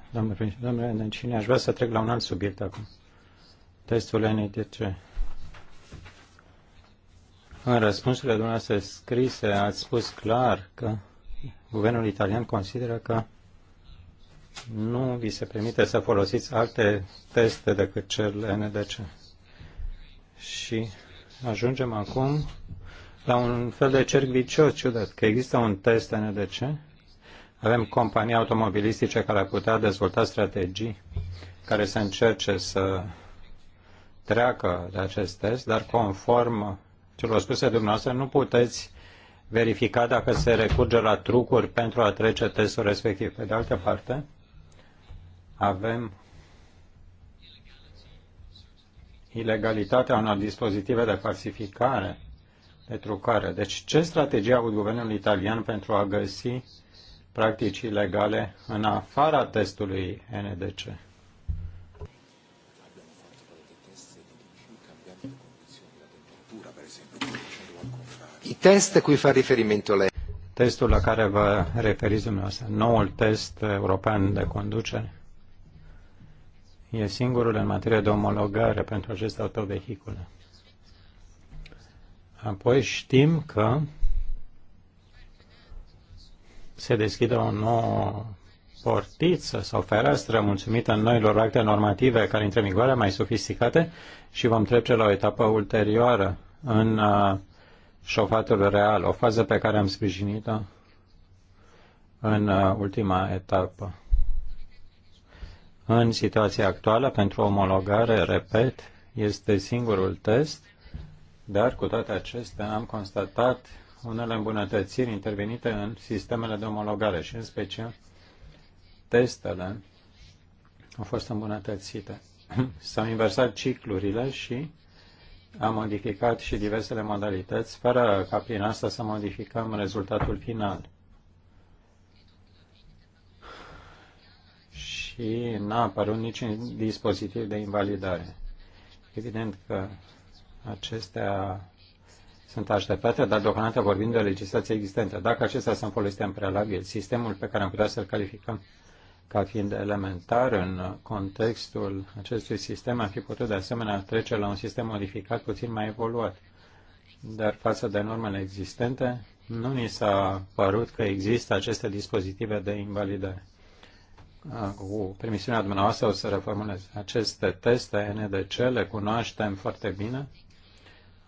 domnule Nencini, aș vrea să trec la un alt subiect acum. Testul NDC. În răspunsurile dumneavoastră scrise ați spus clar că guvernul italian consideră că nu vi se permite să folosiți alte teste decât cel NDC. Și ajungem acum la un fel de cerc vicios ciudat, că există un test NDC, avem companii automobilistice care ar putea dezvolta strategii care să încerce să treacă de acest test, dar conform celor spuse dumneavoastră, nu puteți verifica dacă se recurge la trucuri pentru a trece testul respectiv. Pe de altă parte, avem ilegalitatea unor dispozitive de falsificare de trucare. Deci ce strategie a avut guvernul italian pentru a găsi practici ilegale în afara testului NDC? I test cui fa riferimento lei. Testul la care vă referiți dumneavoastră, noul test european de conducere, e singurul în materie de omologare pentru aceste autovehicule. Apoi știm că se deschide o nouă portiță sau fereastră mulțumită noilor acte normative care intră în vigoare mai sofisticate și vom trece la o etapă ulterioară în uh, șofatul real, o fază pe care am sprijinit-o în uh, ultima etapă. În situația actuală, pentru omologare, repet, este singurul test dar cu toate acestea am constatat unele îmbunătățiri intervenite în sistemele de omologare și în special testele au fost îmbunătățite. S-au inversat ciclurile și am modificat și diversele modalități, fără ca prin asta să modificăm rezultatul final. Și n-a apărut niciun dispozitiv de invalidare. Evident că Acestea sunt așteptate, dar deocamdată vorbim de legislație existentă. Dacă acestea sunt folosite în prealabil, sistemul pe care am putea să-l calificăm ca fiind elementar în contextul acestui sistem, ar fi putut de asemenea trece la un sistem modificat puțin mai evoluat. Dar față de normele existente, nu ni s-a părut că există aceste dispozitive de invalidare. Cu permisiunea dumneavoastră o să reformulez. Aceste teste NDC le cunoaștem foarte bine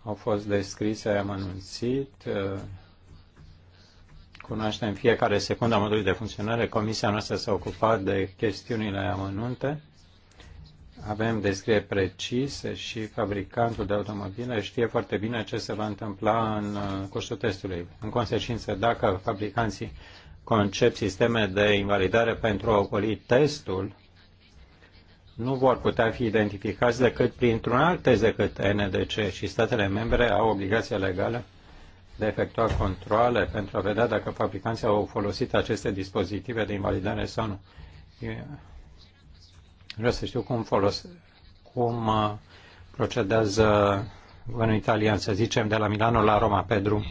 au fost descrise am anunțit. Uh, cunoaștem fiecare secundă a modului de funcționare. Comisia noastră s-a ocupat de chestiunile amănunte. Avem descrieri precise și fabricantul de automobile știe foarte bine ce se va întâmpla în uh, cursul testului. În consecință, dacă fabricanții concep sisteme de invalidare pentru a ocoli testul, nu vor putea fi identificați decât printr-un alt test decât NDC și statele membre au obligația legală de efectua controle pentru a vedea dacă fabricanții au folosit aceste dispozitive de invalidare sau nu. Eu vreau să știu cum, folos, cum uh, procedează guvernul italian, să zicem, de la Milano la Roma pe drum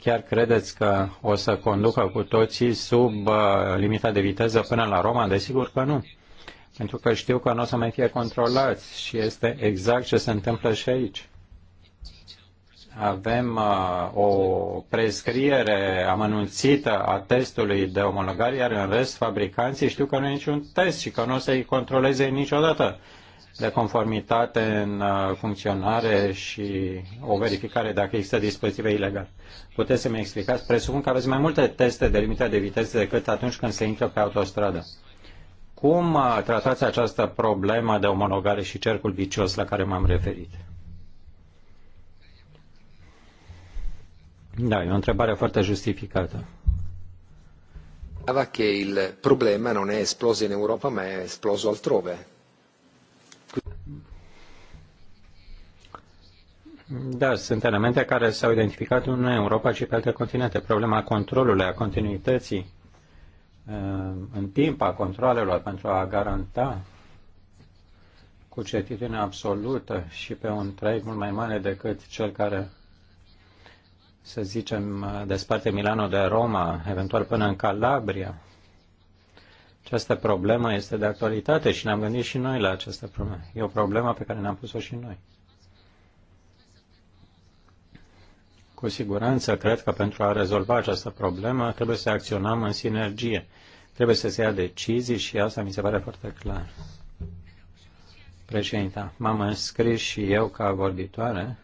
Chiar credeți că o să conducă cu toții sub uh, limita de viteză până la Roma? Desigur că nu. Pentru că știu că nu o să mai fie controlați și este exact ce se întâmplă și aici. Avem uh, o prescriere amănunțită a testului de omologare, iar în rest fabricanții știu că nu e niciun test și că nu o să-i controleze niciodată de conformitate în uh, funcționare și o verificare dacă există dispozitive ilegale. Puteți să-mi explicați? Presupun că aveți mai multe teste de limită de viteză decât atunci când se intră pe autostradă. Cum uh, tratați această problemă de omologare și cercul vicios la care m-am referit? Da, e o întrebare foarte justificată. Che il problema non è esploso in Europa ma è esploso altrove Da, sunt elemente care s-au identificat nu în Europa, ci pe alte continente. Problema controlului, a continuității uh, în timp a controlelor pentru a garanta cu certitudine absolută și pe un traiect mult mai mare decât cel care, să zicem, desparte Milano de Roma, eventual până în Calabria. Această problemă este de actualitate și ne-am gândit și noi la această problemă. E o problemă pe care ne-am pus-o și noi. Cu siguranță cred că pentru a rezolva această problemă trebuie să acționăm în sinergie. Trebuie să se ia decizii și asta mi se pare foarte clar. Președinta, m-am înscris și eu ca vorbitoare.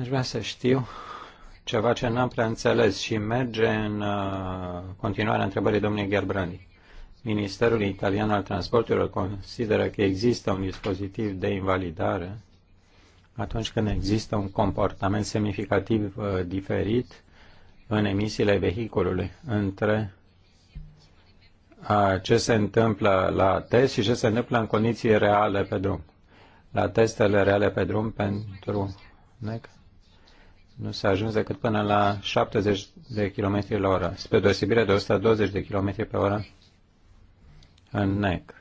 Aș vrea să știu ceva ce n-am prea înțeles și merge în uh, continuarea întrebării domnului Gherbrandi. Ministerul Italian al Transporturilor consideră că există un dispozitiv de invalidare atunci când există un comportament semnificativ uh, diferit în emisiile vehiculului între uh, ce se întâmplă la test și ce se întâmplă în condiții reale pe drum. La testele reale pe drum pentru NEC nu s-a ajuns decât până la 70 de km la oră, spre deosebire de 120 de km pe oră în NEC.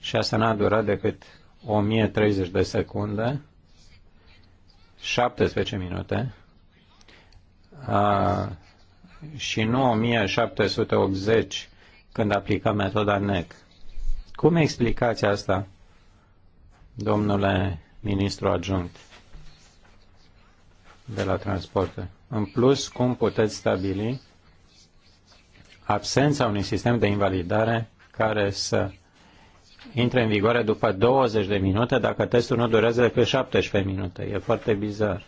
Și asta n-a durat decât 1030 de secunde, 17 minute a, și nu 1780 când aplicăm metoda NEC. Cum explicați asta, domnule ministru adjunct de la transporte? În plus, cum puteți stabili absența unui sistem de invalidare care să intre în vigoare după 20 de minute dacă testul nu durează decât 17 minute. E foarte bizar.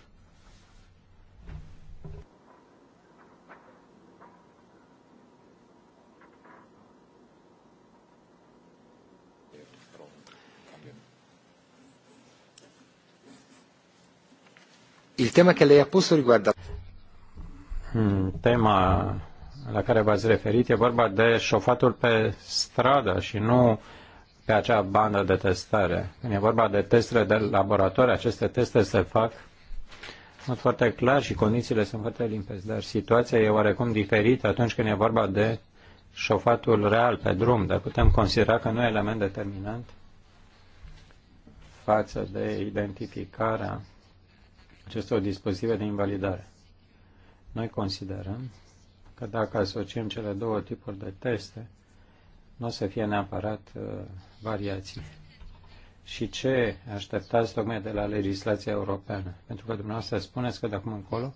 Il tema che lei ha posto riguarda... Hmm, tema la care v-ați referit e vorba de șofatul pe stradă și nu uh, pe acea bandă de testare. Când e vorba de testele de laborator, aceste teste se fac sunt foarte clar și condițiile sunt foarte limpezi, dar situația e oarecum diferită atunci când e vorba de șofatul real pe drum, dar putem considera că nu e element determinant față de identificarea acestor dispozitive de invalidare. Noi considerăm că dacă asociem cele două tipuri de teste, nu o să fie neapărat uh, variații. Și ce așteptați tocmai de la legislația europeană? Pentru că dumneavoastră spuneți că de acum încolo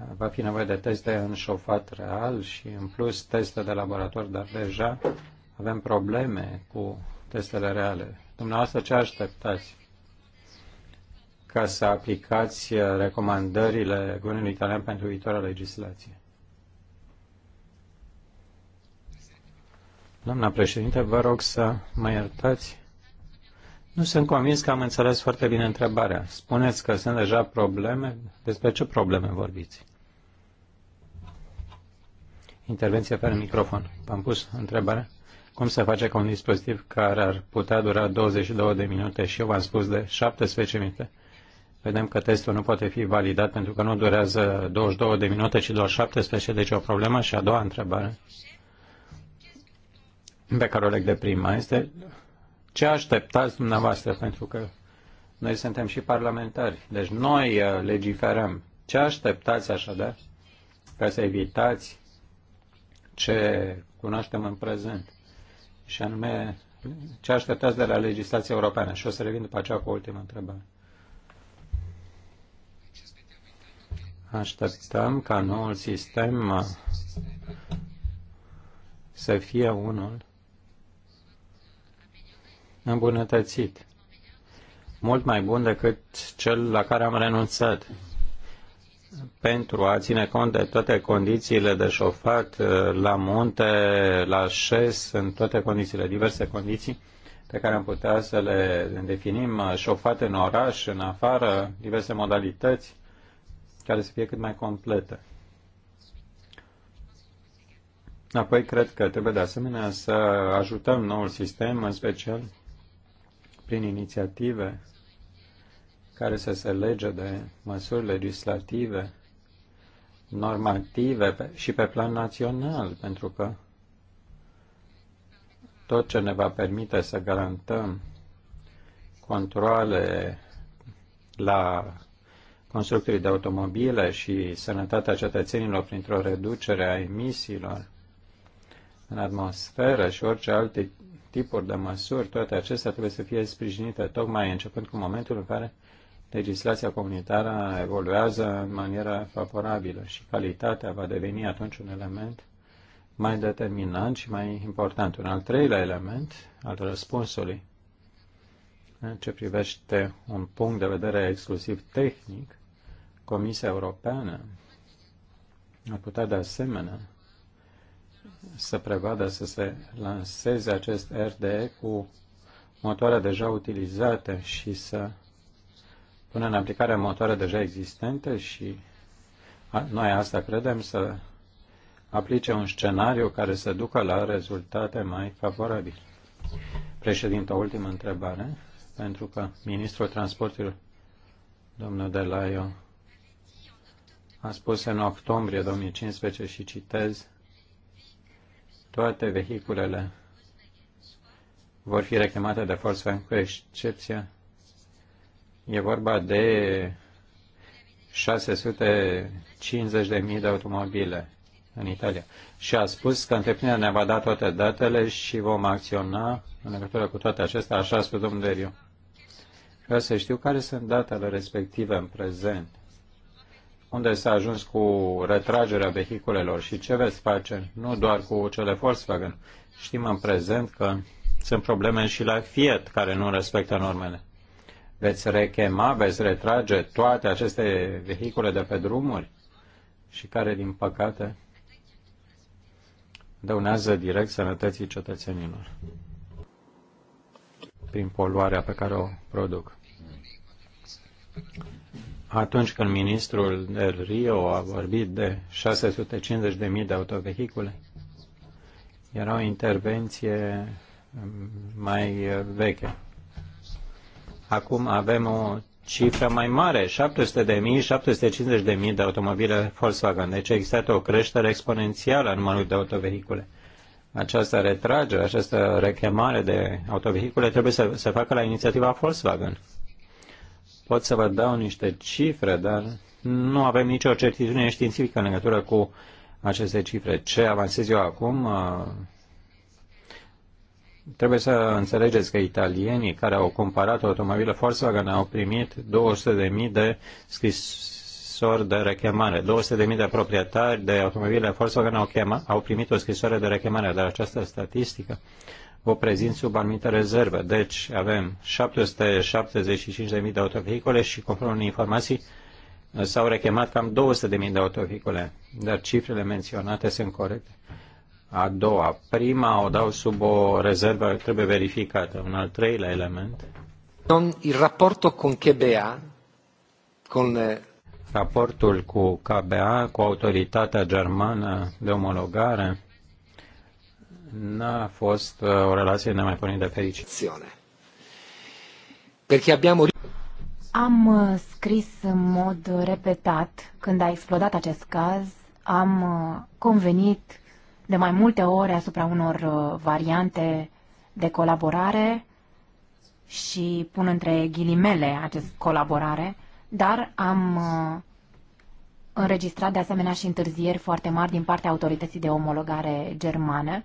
uh, va fi nevoie de teste în șofat real și în plus teste de laborator, dar deja avem probleme cu testele reale. Dumneavoastră ce așteptați? Ca să aplicați uh, recomandările guvernului italian pentru viitoarea legislație. Doamna președinte, vă rog să mă iertați. Nu sunt convins că am înțeles foarte bine întrebarea. Spuneți că sunt deja probleme. Despre ce probleme vorbiți? Intervenție fără microfon. V-am pus întrebarea. Cum se face cu un dispozitiv care ar putea dura 22 de minute și eu v-am spus de 17 minute, vedem că testul nu poate fi validat pentru că nu durează 22 de minute, ci doar 17, deci o problemă. Și a doua întrebare pe care o leg de prima este ce așteptați dumneavoastră, pentru că noi suntem și parlamentari, deci noi uh, legiferăm. Ce așteptați așadar ca să evitați ce cunoaștem în prezent? Și anume, ce așteptați de la legislația europeană? Și o să revin după aceea cu o ultimă întrebare. Așteptăm ca noul sistem uh, să fie unul îmbunătățit, mult mai bun decât cel la care am renunțat pentru a ține cont de toate condițiile de șofat uh, la munte, la șes, în toate condițiile, diverse condiții pe care am putea să le definim, uh, șofat în oraș, în afară, diverse modalități care să fie cât mai complete. Apoi cred că trebuie de asemenea să ajutăm noul sistem, în special prin inițiative care să se lege de măsuri legislative, normative și pe plan național, pentru că tot ce ne va permite să garantăm controle la constructorii de automobile și sănătatea cetățenilor printr-o reducere a emisiilor în atmosferă și orice alte tipuri de măsuri, toate acestea trebuie să fie sprijinite tocmai începând cu momentul în care legislația comunitară evoluează în maniera favorabilă și calitatea va deveni atunci un element mai determinant și mai important. Un al treilea element al răspunsului în ce privește un punct de vedere exclusiv tehnic, Comisia Europeană ar putea de asemenea să prevadă să se lanseze acest RDE cu motoare deja utilizate și să pună în aplicare motoare deja existente și noi asta credem să aplice un scenariu care să ducă la rezultate mai favorabile. Președinte, o ultimă întrebare, pentru că ministrul transporturilor, domnul Delaio, a spus în octombrie 2015 și citez, toate vehiculele vor fi reclamate de forță, cu excepția. E vorba de 650.000 de automobile în Italia. Și a spus că întreprinderea ne va da toate datele și vom acționa în legătură cu toate acestea, așa a spus domnul Deriu. Vreau să știu care sunt datele respective în prezent unde s-a ajuns cu retragerea vehiculelor și ce veți face, nu doar cu cele Volkswagen. Știm în prezent că sunt probleme și la Fiat care nu respectă normele. Veți rechema, veți retrage toate aceste vehicule de pe drumuri și care, din păcate, dăunează direct sănătății cetățenilor prin poluarea pe care o produc atunci când ministrul del Rio a vorbit de 650.000 de autovehicule, era o intervenție mai veche. Acum avem o cifră mai mare, 700.000, 750.000 de automobile Volkswagen. Deci există o creștere exponențială a numărului de autovehicule. Această retragere, această rechemare de autovehicule trebuie să se facă la inițiativa Volkswagen Pot să vă dau niște cifre, dar nu avem nicio certitudine științifică în legătură cu aceste cifre. Ce avansez eu acum? Uh, trebuie să înțelegeți că italienii care au cumpărat automobile Volkswagen au primit 200.000 de scrisori de rechemare. 200.000 de proprietari de automobile Volkswagen au, chema, au primit o scrisoare de rechemare, dar această statistică o prezint sub anumite rezerve. Deci avem 775.000 de autovehicule și, conform unei informații, s-au rechemat cam 200.000 de autovehicule. Dar cifrele menționate sunt corecte. A doua, prima o dau sub o rezervă, trebuie verificată. Un al treilea element. Don, il rapporto con KBA, con... Raportul cu KBA, uh, cu autoritatea germană de omologare, N-a fost uh, o relație nemaipomenită de fericită. Perché abbiamo... Am uh, scris în mod repetat, când a explodat acest caz, am uh, convenit de mai multe ori asupra unor variante de colaborare și pun între ghilimele acest colaborare, dar am înregistrat de asemenea și întârzieri foarte mari din partea autorității de omologare germană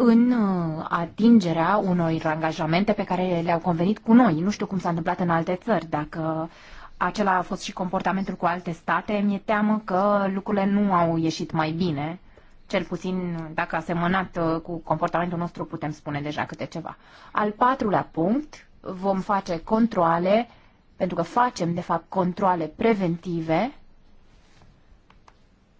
în uh, atingerea unor angajamente pe care le-au convenit cu noi. Nu știu cum s-a întâmplat în alte țări, dacă acela a fost și comportamentul cu alte state, mi-e teamă că lucrurile nu au ieșit mai bine. Cel puțin, dacă a semănat uh, cu comportamentul nostru, putem spune deja câte ceva. Al patrulea punct, vom face controle, pentru că facem, de fapt, controle preventive,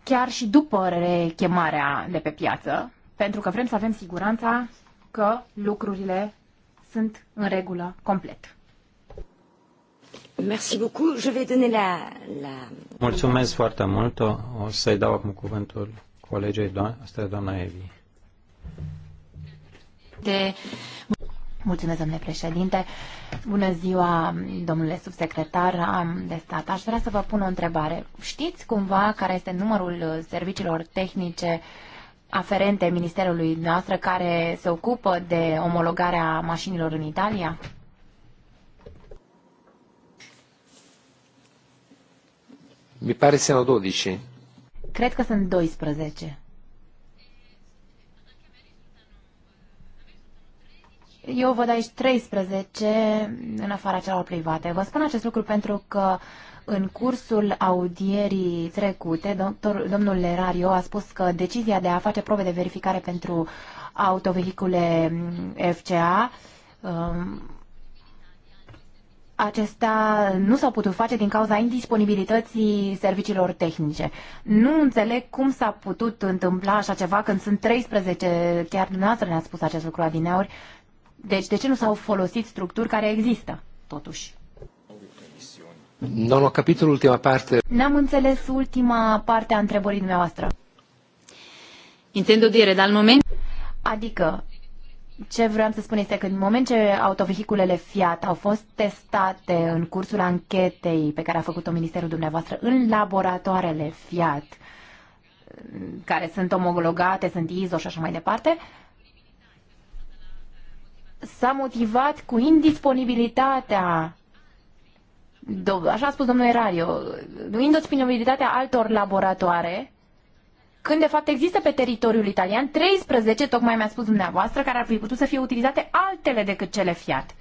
chiar și după rechemarea de pe piață, pentru că vrem să avem siguranța că lucrurile sunt în regulă complet. Merci beaucoup. Je vais donner la, la... Mulțumesc foarte mult. O, o să-i dau acum cuvântul colegei, asta e doamna Evi. De... Mulțumesc, domnule președinte. Bună ziua, domnule subsecretar am de stat. Aș vrea să vă pun o întrebare. Știți cumva care este numărul serviciilor tehnice uh, aferente ministerului noastră care se ocupă de omologarea mașinilor în Italia? Mi pare să 12. Cred că sunt 12. Eu văd aici 13 în afara celor private. Vă spun acest lucru pentru că în cursul audierii trecute, doctor, domnul Lerario a spus că decizia de a face probe de verificare pentru autovehicule FCA um, acesta nu s-au putut face din cauza indisponibilității serviciilor tehnice. Nu înțeleg cum s-a putut întâmpla așa ceva când sunt 13, chiar dumneavoastră ne-a spus acest lucru adineori. deci de ce nu s-au folosit structuri care există, totuși? Non ho capito l'ultima parte. N-am înțeles ultima parte a întrebării dumneavoastră. Intendo dire, dal moment... Adică, ce vreau să spun este că în moment ce autovehiculele Fiat au fost testate în cursul anchetei pe care a făcut-o Ministerul dumneavoastră în laboratoarele Fiat, care sunt omologate, sunt ISO și așa mai departe, s-a motivat cu indisponibilitatea așa a spus domnul Erario, duindu-ți altor laboratoare, când de fapt există pe teritoriul italian 13, tocmai mi-a spus dumneavoastră, care ar fi putut să fie utilizate altele decât cele fiat.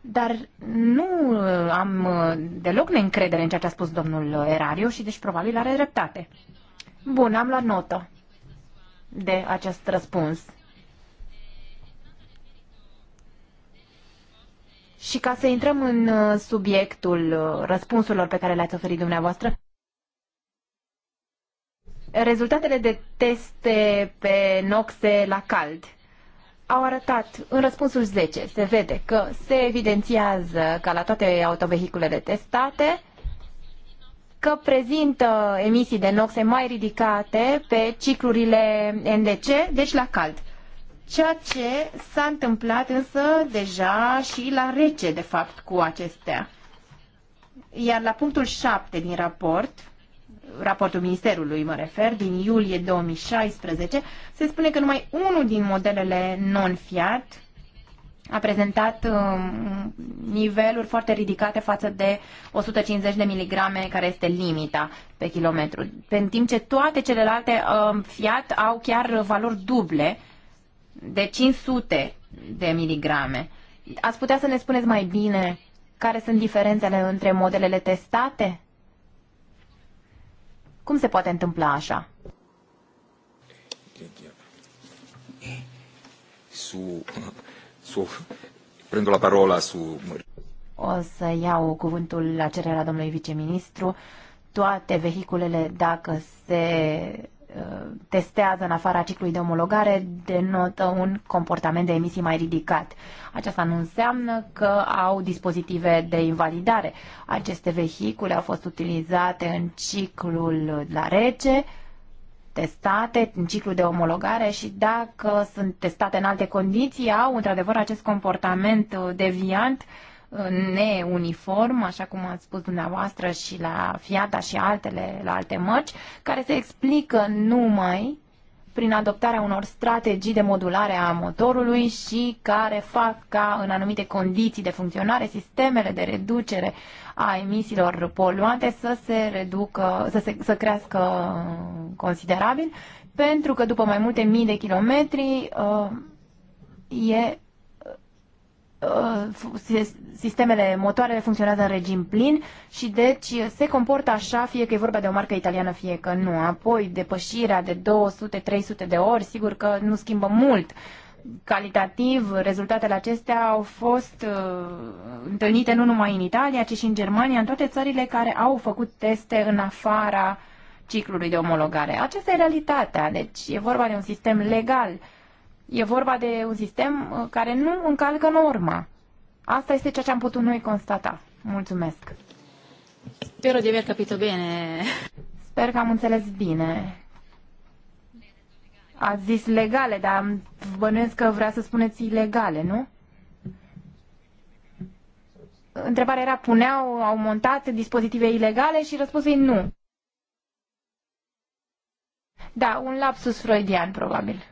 Dar nu uh, am uh, deloc neîncredere în ceea ce a spus domnul Erario și deci probabil are dreptate. Bun, am luat notă de acest răspuns. Și ca să intrăm în uh, subiectul uh, răspunsurilor pe care le-ați oferit dumneavoastră, rezultatele de teste pe noxe la cald au arătat în răspunsul 10, se vede că se evidențiază ca la toate autovehiculele testate că prezintă emisii de noxe mai ridicate pe ciclurile NDC, deci la cald ceea ce s-a întâmplat însă deja și la rece, de fapt, cu acestea. Iar la punctul 7 din raport, raportul Ministerului, mă refer, din iulie 2016, se spune că numai unul din modelele non-fiat a prezentat um, niveluri foarte ridicate față de 150 de miligrame, care este limita pe kilometru, în timp ce toate celelalte um, fiat au chiar valori duble, de 500 de miligrame. Ați putea să ne spuneți mai bine care sunt diferențele între modelele testate? Cum se poate întâmpla așa? Su, su, prendo la parola su... O să iau cuvântul la cererea domnului viceministru. Toate vehiculele, dacă se Uh, testează în afara ciclului de omologare denotă un comportament de emisii mai ridicat. Aceasta nu înseamnă că au dispozitive de invalidare. Aceste vehicule au fost utilizate în ciclul la rece, testate în ciclu de omologare și dacă sunt testate în alte condiții, au într-adevăr acest comportament deviant uh, neuniform, așa cum ați spus dumneavoastră și la Fiata și altele, la alte mărci, care se explică numai prin adoptarea unor strategii de modulare a motorului și care fac ca în anumite condiții de funcționare sistemele de reducere a emisiilor poluante să se reducă, să, se, să crească considerabil, pentru că după mai multe mii de kilometri uh, e Uh, sistemele, motoarele funcționează în regim plin și deci se comportă așa, fie că e vorba de o marcă italiană, fie că nu. Apoi depășirea de 200-300 de ori, sigur că nu schimbă mult. Calitativ, rezultatele acestea au fost uh, întâlnite nu numai în Italia, ci și în Germania, în toate țările care au făcut teste în afara ciclului de omologare. Aceasta e realitatea, deci e vorba de un sistem legal uh, E vorba de un sistem uh, care nu încalcă norma. Asta este ceea ce am putut noi constata. Mulțumesc. Sper di aver bine. Sper că am înțeles bine. A zis legale, dar bănuiesc că vrea să spuneți ilegale, nu? Întrebarea era, puneau, au montat dispozitive ilegale și răspunsul e nu. Da, un lapsus freudian, probabil.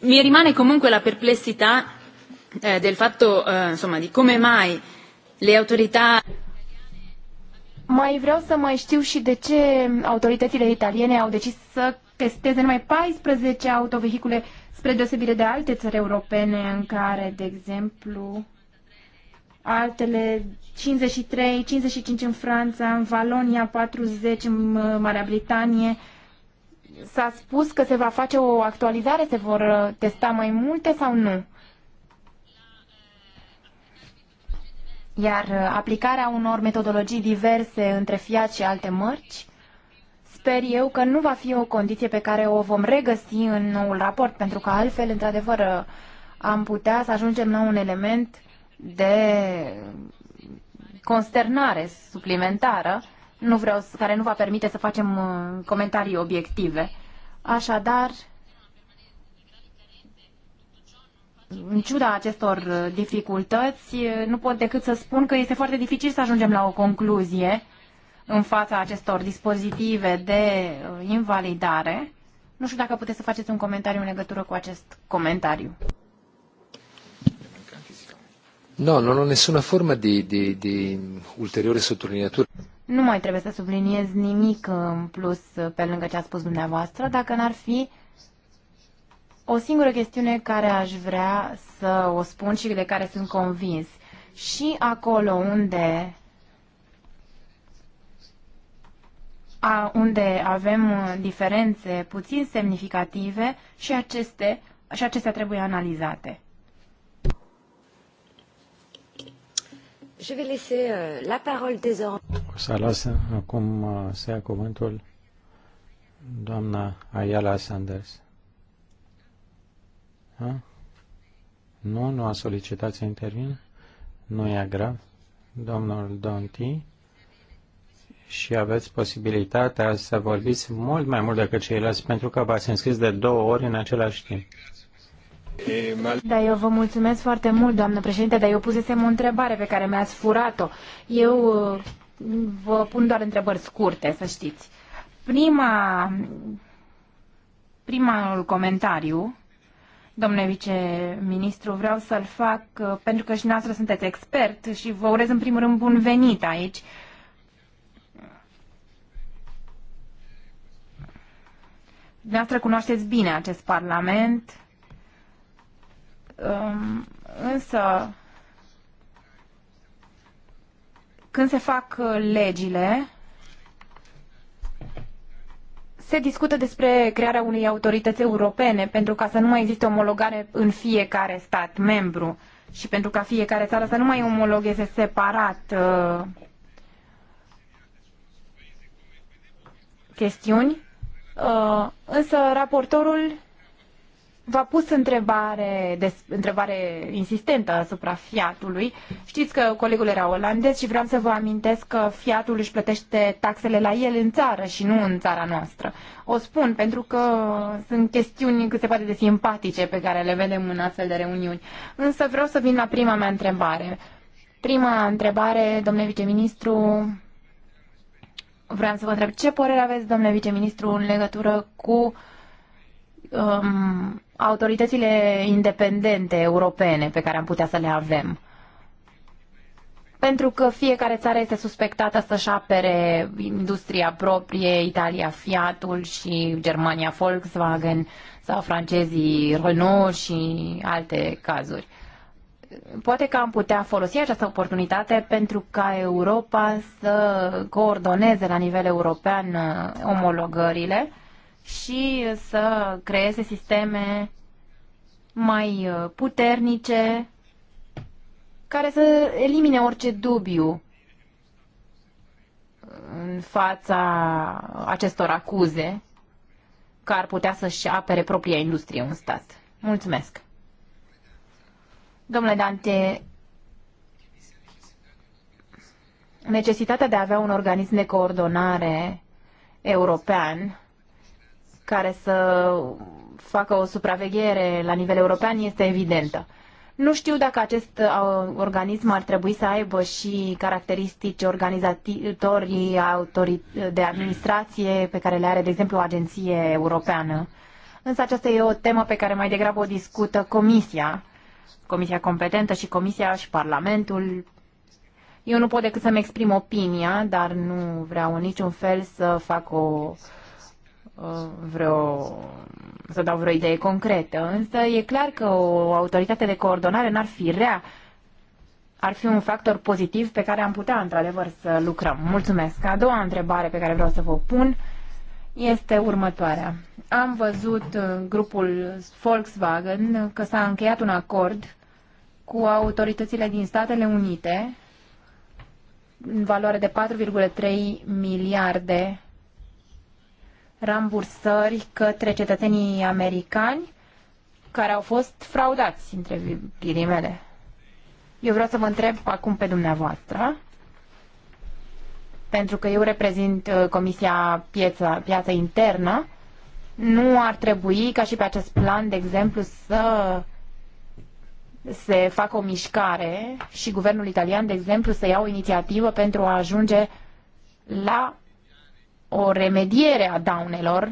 Mi rimane comunque la perplessità eh, del fatto, eh, insomma, di come mai le autorità mai vreau să mai știu și de ce autoritățile italiene au decis să testeze numai 14 autovehicule spre deosebire de alte țări europene în care, de exemplu, altele 53, 55 în Franța, în Valonia 40 în Marea Britanie, S-a spus că se va face o actualizare, se vor uh, testa mai multe sau nu? Iar uh, aplicarea unor metodologii diverse între fiat și alte mărci, sper eu că nu va fi o condiție pe care o vom regăsi în noul raport, pentru că altfel, într-adevăr, uh, am putea să ajungem la un element de consternare suplimentară nu vreau, care nu va permite să facem uh, comentarii obiective. Așadar, în ciuda acestor uh, dificultăți, uh, nu pot decât să spun că este foarte dificil să ajungem la o concluzie în fața acestor dispozitive de invalidare. Nu știu dacă puteți să faceți un comentariu în legătură cu acest comentariu. No, non ho nessuna forma di, di, di ulteriore sottolineatura. Nu mai trebuie să subliniez nimic în plus pe lângă ce a spus dumneavoastră, dacă n-ar fi o singură chestiune care aș vrea să o spun și de care sunt convins. Și acolo unde a, unde avem diferențe puțin semnificative și, aceste, și acestea trebuie analizate. Je vais laisser euh, la parole désormais. O las acum uh, să ia cuvântul doamna Ayala Sanders. Ha? Nu, nu a solicitat să intervină. Nu e grav. Domnul Donti și aveți posibilitatea să vorbiți mult mai mult decât ceilalți pentru că v-ați înscris de două ori în același timp. Da, eu vă mulțumesc foarte mult, doamnă președinte, dar eu pusesem o întrebare pe care mi-ați furat-o. Eu uh, vă pun doar întrebări scurte, să știți. Prima, prima comentariu, domnule viceministru, vreau să-l fac uh, pentru că și noastră sunteți expert și vă urez în primul rând bun venit aici. Dumneavoastră cunoașteți bine acest parlament, Um, însă, când se fac uh, legile, se discută despre crearea unei autorități europene pentru ca să nu mai existe omologare în fiecare stat membru și pentru ca fiecare țară să nu mai omologeze separat uh, chestiuni. Uh, însă raportorul v-a pus întrebare, des, întrebare insistentă asupra Fiatului. Știți că colegul era olandez și vreau să vă amintesc că Fiatul își plătește taxele la el în țară și nu în țara noastră. O spun pentru că sunt chestiuni cât se poate de simpatice pe care le vedem în astfel de reuniuni. Însă vreau să vin la prima mea întrebare. Prima întrebare, domnule viceministru, vreau să vă întreb ce părere aveți, domnule viceministru, în legătură cu um, autoritățile independente europene pe care am putea să le avem. Pentru că fiecare țară este suspectată să-și apere industria proprie, Italia Fiatul și Germania Volkswagen sau francezii Renault și alte cazuri. Poate că am putea folosi această oportunitate pentru ca Europa să coordoneze la nivel european uh, omologările și să creeze sisteme mai uh, puternice care să elimine orice dubiu în fața acestor acuze că ar putea să-și apere propria industrie un stat. Mulțumesc. Domnule Dante, necesitatea de a avea un organism de coordonare european care să facă o supraveghere la nivel european este evidentă. Nu știu dacă acest uh, organism ar trebui să aibă și caracteristici organizatorii de administrație pe care le are, de exemplu, o agenție europeană. Însă aceasta e o temă pe care mai degrabă o discută Comisia, Comisia competentă și Comisia și Parlamentul. Eu nu pot decât să-mi exprim opinia, dar nu vreau în niciun fel să fac o uh, Uh, vreo să dau vreo idee concretă, însă e clar că o autoritate de coordonare n-ar fi rea. Ar fi un factor pozitiv pe care am putea, într-adevăr, să lucrăm. Mulțumesc. A doua întrebare pe care vreau să vă pun este următoarea. Am văzut uh, grupul Volkswagen că s-a încheiat un acord cu autoritățile din Statele Unite în valoare de 4,3 miliarde rambursări către cetățenii americani care au fost fraudați, între ghilimele. Eu vreau să vă întreb acum pe dumneavoastră, pentru că eu reprezint uh, Comisia Piața, Piața Internă, nu ar trebui ca și pe acest plan, de exemplu, să se facă o mișcare și guvernul italian, de exemplu, să ia o inițiativă pentru a ajunge la o remediere a daunelor,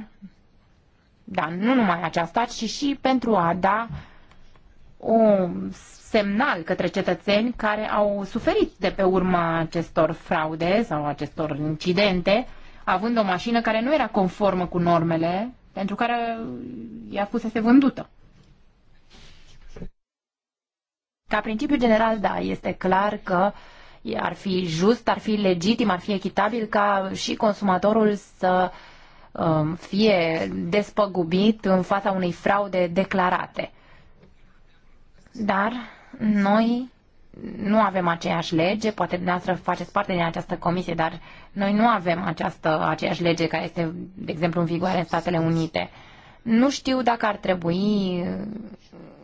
dar nu numai aceasta, ci și pentru a da un semnal către cetățeni care au suferit de pe urma acestor fraude sau acestor incidente, având o mașină care nu era conformă cu normele pentru care i-a fusese vândută. Ca principiu general, da, este clar că uh, ar fi just, ar fi legitim, ar fi echitabil ca și consumatorul să um, fie despăgubit în fața unei fraude declarate. Dar noi nu avem aceeași lege, poate dumneavoastră faceți parte din această comisie, dar noi nu avem această, aceeași lege care este, de exemplu, în vigoare în Statele Unite. Nu știu dacă ar trebui uh,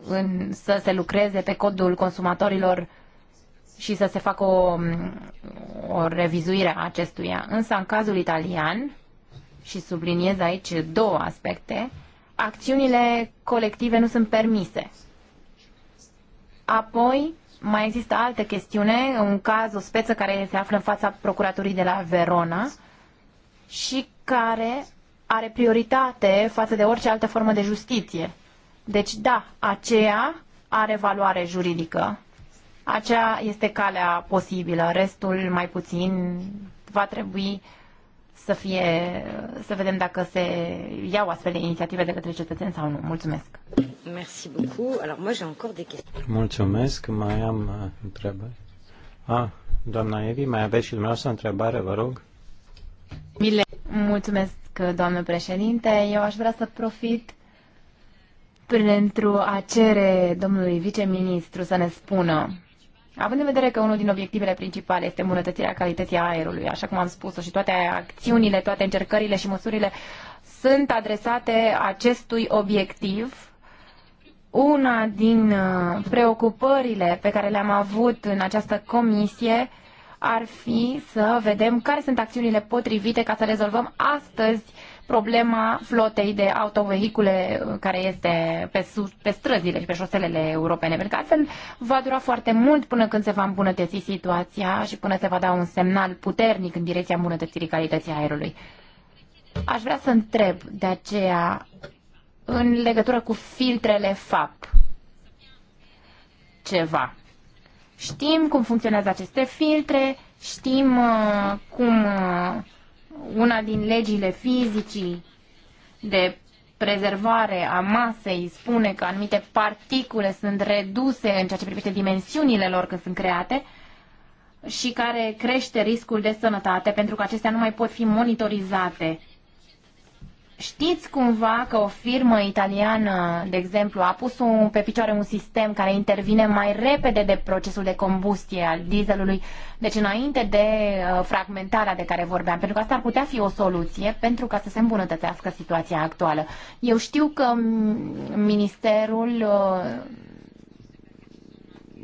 în, să se lucreze pe codul consumatorilor și să se facă o, o revizuire a acestuia. Însă, în cazul italian, și subliniez aici două aspecte, acțiunile colective nu sunt permise. Apoi, mai există altă chestiune, un caz, o speță care se află în fața procuraturii de la Verona și care are prioritate față de orice altă formă de justiție. Deci, da, aceea are valoare juridică acea este calea posibilă, restul mai puțin va trebui să fie, să vedem dacă se iau astfel de inițiative de către cetățeni sau nu. Mulțumesc. Merci beaucoup. Alors moi j'ai encore des questions. Mulțumesc, mai am uh, întrebări. Ah, doamna Evi, mai aveți și dumneavoastră întrebare, vă rog. Mile. Mulțumesc, doamnă președinte. Eu aș vrea să profit pentru a cere domnului viceministru să ne spună Având în vedere că unul din obiectivele principale este îmbunătățirea calității aerului, așa cum am spus-o, și toate acțiunile, toate încercările și măsurile sunt adresate acestui obiectiv, una din uh, preocupările pe care le-am avut în această comisie ar fi să vedem care sunt acțiunile potrivite ca să rezolvăm astăzi uh, problema flotei de autovehicule uh, care este pe, pe străzile și pe șoselele europene, pentru că altfel va dura foarte mult până când se va îmbunătăți situația și până se va da un semnal puternic în direcția îmbunătățirii calității aerului. Aș vrea să întreb de aceea în legătură cu filtrele FAP ceva. Știm cum funcționează aceste filtre, știm uh, cum uh, una din legile fizicii de prezervare a masei spune că anumite particule sunt reduse în ceea ce privește dimensiunile lor când sunt create și care crește riscul de sănătate pentru că acestea nu mai pot fi monitorizate Știți cumva că o firmă italiană, de exemplu, a pus un, pe picioare un sistem care intervine mai repede de procesul de combustie al dieselului, deci înainte de uh, fragmentarea de care vorbeam, pentru că asta ar putea fi o soluție pentru ca să se îmbunătățească situația actuală. Eu știu că Ministerul uh,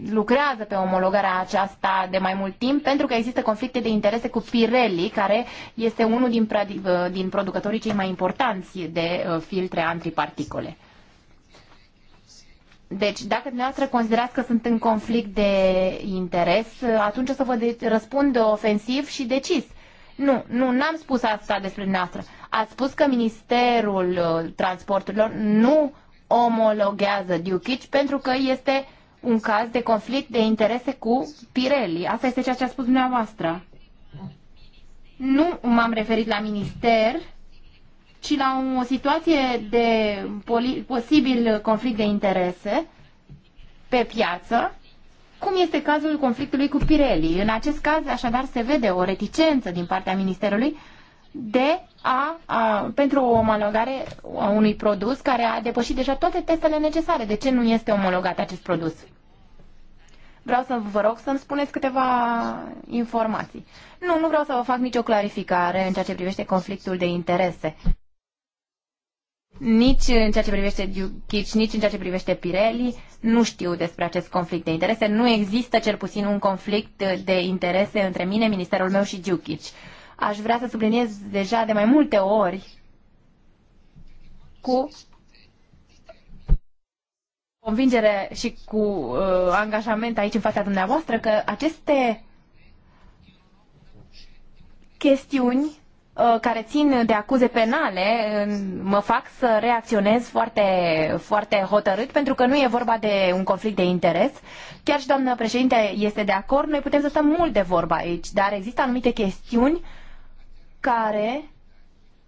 lucrează pe omologarea aceasta de mai mult timp pentru că există conflicte de interese cu Pirelli, care este unul din, uh, din producătorii cei mai importanți de uh, filtre antiparticole. Deci, dacă dumneavoastră considerați că sunt în conflict de interes, uh, atunci o să vă răspund ofensiv și decis. Nu, nu, n-am spus asta despre dumneavoastră. Ați spus că Ministerul Transporturilor nu omologează Dukic pentru că este uh, un caz de conflict de interese cu Pirelli. Asta este ceea ce a spus dumneavoastră. Nu m-am referit la minister, ci la o situație de posibil conflict de interese pe piață, cum este cazul conflictului cu Pirelli. În acest caz, așadar, se vede o reticență din partea Ministerului de a, a, pentru o omologare a unui produs care a depășit deja toate testele necesare. De ce nu este omologat acest produs? Vreau să vă rog să-mi spuneți câteva informații. Nu, nu vreau să vă fac nicio clarificare în ceea ce privește conflictul de interese. Nici în ceea ce privește Dukic, nici în ceea ce privește Pirelli, nu știu despre acest conflict de interese. Nu există cel puțin un conflict de interese între mine, ministerul meu și Dukic. Uh, aș vrea să subliniez deja de mai multe ori cu convingere și cu uh, angajament aici în fața dumneavoastră că aceste chestiuni uh, care țin de acuze penale mă fac să reacționez foarte, foarte hotărât pentru că nu e vorba de un conflict de interes. Chiar și doamna președinte este de acord, noi putem să stăm mult de vorba aici, dar există anumite chestiuni uh, care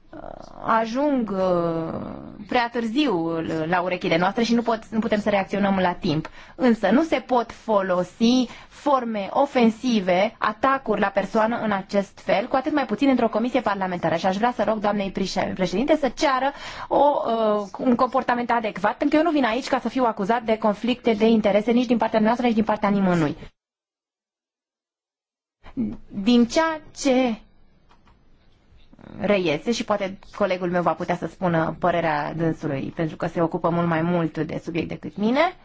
uh, ajung uh, prea târziu la urechile noastre și nu, pot, nu putem să reacționăm la timp. Însă nu se pot folosi forme ofensive, atacuri la persoană în acest fel, cu atât mai puțin într-o comisie parlamentară. Și aș vrea să rog doamnei președinte să ceară o, uh, un comportament adecvat, pentru că eu nu vin aici ca să fiu acuzat de conflicte de interese nici din partea noastră, nici din partea nimănui. Din ceea ce reiese și poate colegul meu va putea să spună părerea dânsului, pentru că se ocupă mult mai mult de subiect decât mine,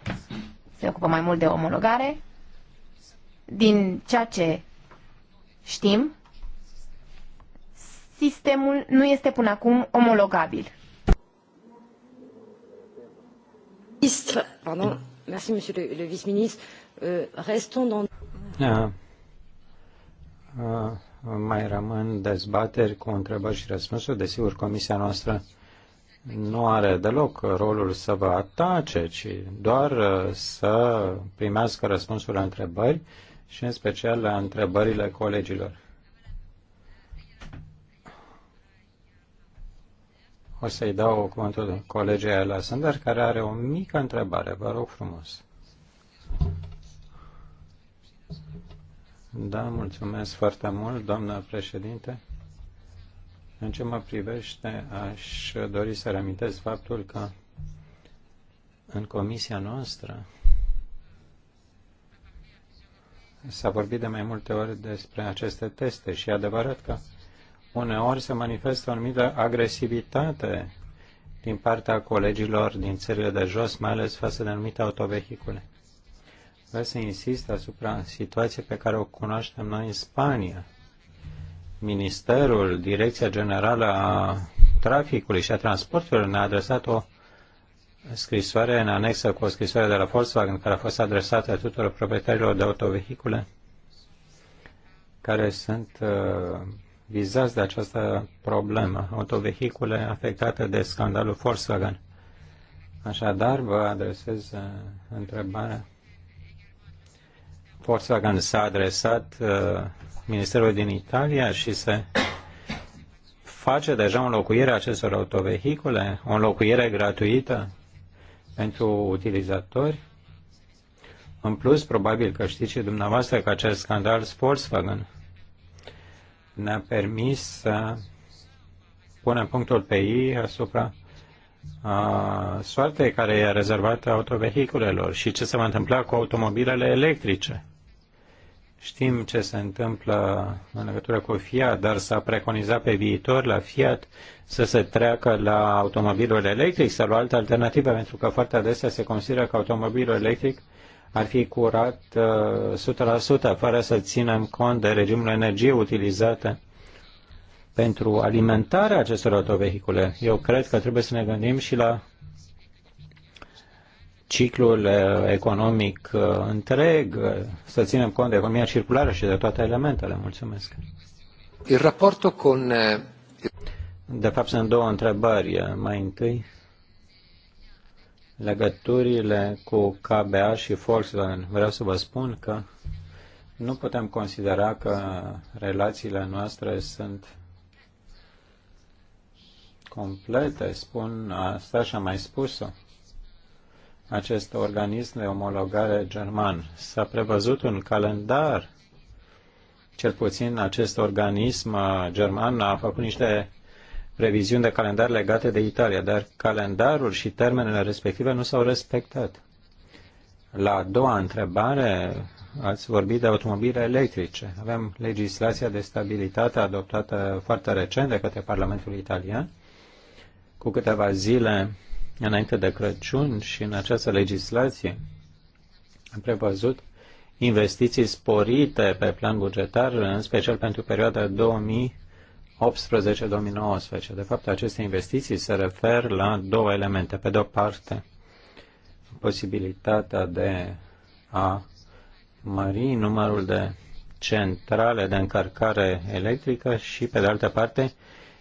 se ocupă mai mult de omologare. Din ceea ce știm, sistemul nu este până acum omologabil. Pardon. Merci, monsieur le, vice-ministre. Euh, restons dans... uh mai rămân dezbateri cu întrebări și răspunsuri. Desigur, comisia noastră nu are deloc rolul să vă atace, ci doar uh, să primească răspunsuri la întrebări și în special la întrebările colegilor. O să-i dau cuvântul colegei Ela care are o mică întrebare. Vă rog frumos. Da, mulțumesc foarte mult, doamnă președinte. În ce mă privește, aș dori să reamintesc faptul că în comisia noastră s-a vorbit de mai multe ori despre aceste teste și e adevărat că uneori se manifestă o anumită agresivitate din partea colegilor din țările de jos, mai ales față de anumite autovehicule. Vreau să insist asupra situației pe care o cunoaștem noi în Spania. Ministerul, Direcția Generală a Traficului și a Transporturilor ne-a adresat o scrisoare în anexă cu o scrisoare de la Volkswagen care a fost adresată tuturor proprietarilor de autovehicule care sunt uh, vizați de această problemă, autovehicule afectate de scandalul Volkswagen. Așadar, vă adresez uh, întrebarea Volkswagen s-a adresat uh, Ministerul din Italia și se face deja înlocuirea acestor autovehicule, o înlocuire gratuită pentru utilizatori. În plus, probabil că știți și dumneavoastră că acest scandal Volkswagen ne-a permis să punem punctul pe ei asupra a, soartei care e rezervată autovehiculelor și ce se va întâmpla cu automobilele electrice. Știm ce se întâmplă în legătură cu Fiat, dar s-a preconizat pe viitor la Fiat să se treacă la automobilul electric sau la alte alternative, pentru că foarte adesea se consideră că automobilul electric ar fi curat 100%, uh, fără să ținem cont de regimul energiei utilizate pentru alimentarea acestor autovehicule. Eu cred că trebuie să ne gândim și la ciclul uh, economic uh, întreg, uh, să ținem cont de economia circulară și de toate elementele. Mulțumesc. Il raporto con... Eh, de fapt, sunt două întrebări. Mai întâi, legăturile cu KBA și Volkswagen. Vreau să vă spun că nu putem considera că relațiile noastre sunt complete. Spun asta și am mai spus-o acest organism de omologare german. S-a prevăzut un calendar, cel puțin acest organism uh, german a făcut niște previziuni de calendar legate de Italia, dar calendarul și termenele respective nu s-au respectat. La a doua întrebare, ați vorbit de automobile electrice. Avem legislația de stabilitate adoptată foarte recent de către Parlamentul Italian. Cu câteva zile înainte de Crăciun și în această legislație am prevăzut investiții sporite pe plan bugetar, în special pentru perioada 2018 2019 De fapt, aceste investiții se refer la două elemente. Pe de o parte, posibilitatea de a mări numărul de centrale de încărcare electrică și, pe de altă parte,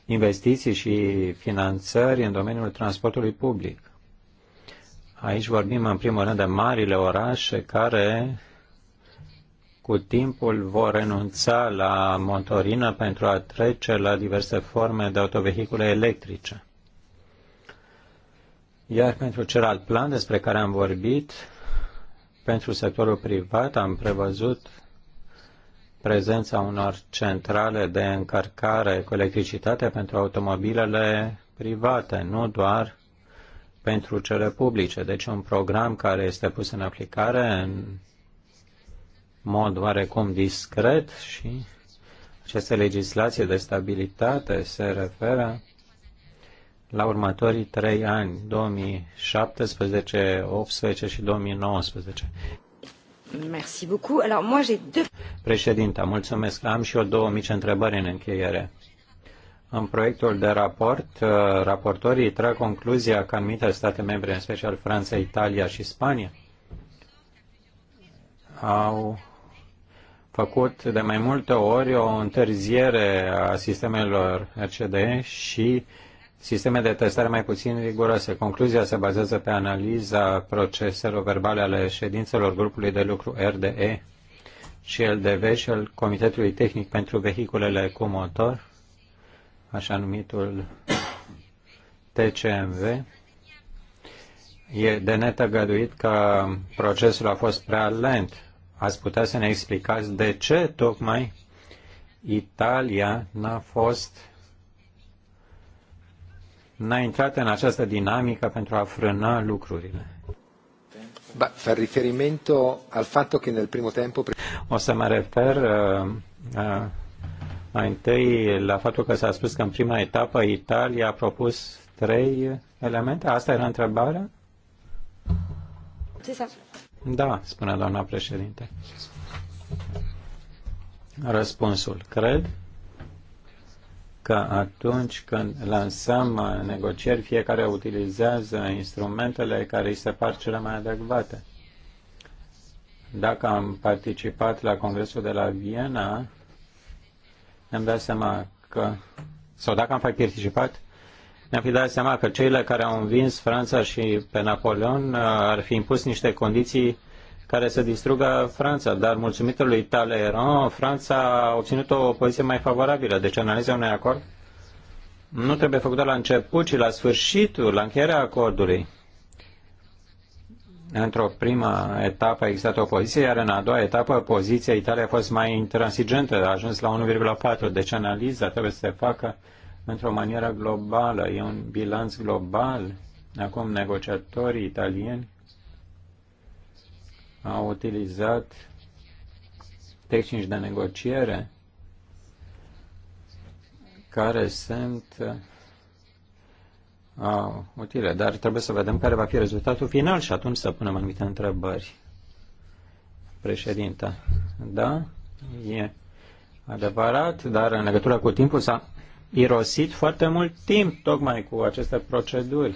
investiții și finanțări în domeniul transportului public. Aici vorbim în primul rând de marile orașe care cu timpul vor renunța la motorină pentru a trece la diverse forme de autovehicule electrice. Iar pentru celălalt plan despre care am vorbit, pentru sectorul privat am prevăzut prezența unor centrale de încărcare cu electricitate pentru automobilele private, nu doar pentru cele publice. Deci un program care este pus în aplicare în mod oarecum discret și această legislație de stabilitate se referă la următorii trei ani, 2017, 2018 și 2019. Merci beaucoup. Alors, moi, j'ai deux... mulțumesc. Am și eu două mici întrebări în încheiere. În proiectul de raport, uh, raportorii trag concluzia că anumite state membre, în special Franța, Italia și Spania, au făcut de mai multe ori o întârziere a sistemelor RCD și uh, sisteme de testare mai puțin riguroase. Concluzia se bazează pe analiza proceselor verbale ale ședințelor grupului de lucru RDE și LDV și al Comitetului Tehnic pentru Vehiculele cu Motor, așa numitul TCMV. E de netăgăduit că procesul a fost prea lent. Ați putea să ne explicați de ce tocmai Italia n-a fost n-a intrat în această dinamică pentru a frâna lucrurile. Ba, fa riferimento al fatto che nel primo tempo... O să mă refer uh, uh, mai întâi la faptul că s-a spus că în prima etapă Italia a propus trei elemente. Asta era întrebarea? Da, spune doamna președinte. Răspunsul. Cred că atunci când lansăm negocieri, fiecare utilizează instrumentele care îi se par cele mai adecvate. Dacă am participat la Congresul de la Viena, ne-am dat seama că, sau dacă am fi participat, ne-am fi dat seama că cei care au învins Franța și pe Napoleon uh, ar fi impus niște condiții care să distrugă Franța, dar mulțumită lui Talleyrand, Franța a obținut o poziție mai favorabilă. Deci analiza unui acord nu trebuie făcută la început, ci la sfârșitul, la încheierea acordului. Într-o primă etapă a existat poziție, iar în a doua etapă poziția Italiei a fost mai intransigentă, a ajuns la 1,4. Deci analiza trebuie să se facă într-o manieră globală. E un bilanț global. Acum negociatorii italieni a utilizat tehnici de negociere care sunt uh, utile, dar trebuie să vedem care va fi rezultatul final și atunci să punem anumite întrebări. Președinte, da, e adevărat, dar în legătură cu timpul s-a irosit foarte mult timp tocmai cu aceste proceduri.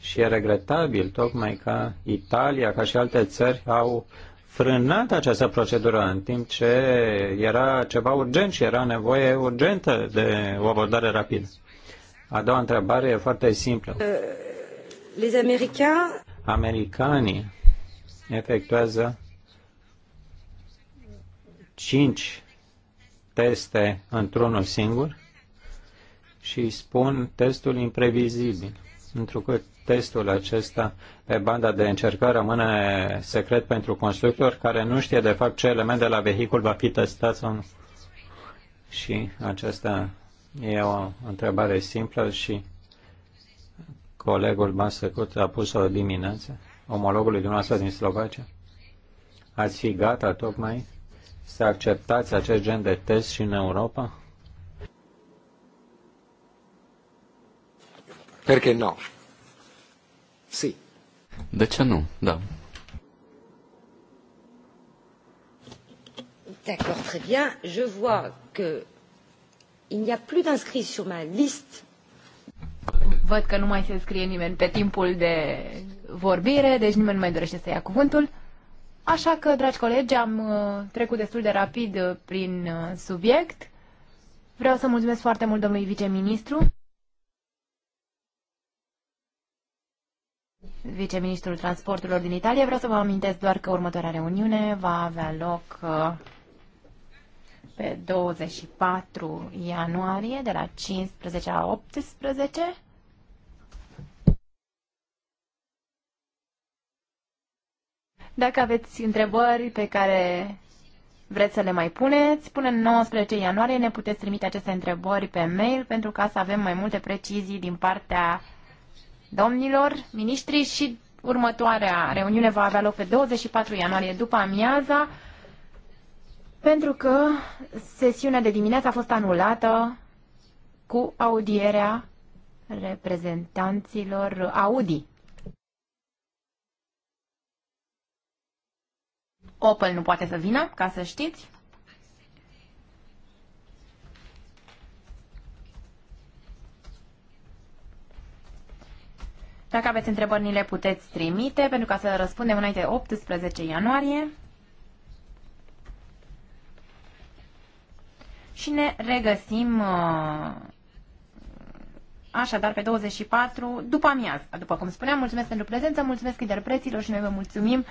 Și e regretabil tocmai că Italia, ca și alte țări, au frânat această procedură în timp ce era ceva urgent și era nevoie urgentă de o abordare rapidă. A doua întrebare e foarte simplă. Uh, les Americanii efectuează cinci teste într-unul singur și spun testul imprevizibil, întrucât testul acesta pe banda de încercare rămâne secret pentru constructor care nu știe de fapt ce element de la vehicul va fi testat sau nu. Și aceasta e o întrebare simplă și colegul Basăcut a pus-o dimineață, omologului dumneavoastră din Slovacia. Ați fi gata tocmai să acceptați acest gen de test și în Europa? Perché no? Sí. De ce nu? Da. D'accord, très bien. Je vois que il n'y a plus d'inscrits sur ma liste. Văd că nu mai se scrie nimeni pe timpul de vorbire, deci nimeni nu mai dorește să ia cuvântul. Așa că, dragi colegi, am uh, trecut destul de rapid uh, prin uh, subiect. Vreau să mulțumesc foarte mult domnului viceministru. viceministrul transporturilor din Italia. Vreau să vă amintesc doar că următoarea reuniune va avea loc uh, pe 24 ianuarie de la 15 la 18. Dacă aveți întrebări pe care vreți să le mai puneți, până în 19 ianuarie ne puteți trimite aceste întrebări pe mail pentru ca să avem mai multe precizii din partea domnilor miniștri și următoarea reuniune va avea loc pe 24 ianuarie după amiaza pentru că sesiunea de dimineață a fost anulată cu audierea reprezentanților Audi. Opel nu poate să vină, ca să știți. Dacă aveți întrebări, ni le puteți trimite, pentru ca să răspundem înainte 18 ianuarie. Și ne regăsim uh, așadar pe 24 după amiază. După cum spuneam, mulțumesc pentru prezență, mulțumesc interpreților și noi vă mulțumim.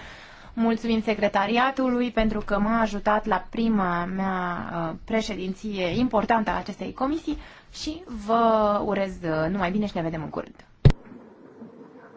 Mulțumim secretariatului pentru că m-a ajutat la prima mea uh, președinție importantă a acestei comisii și vă urez uh, numai bine și ne vedem în curând.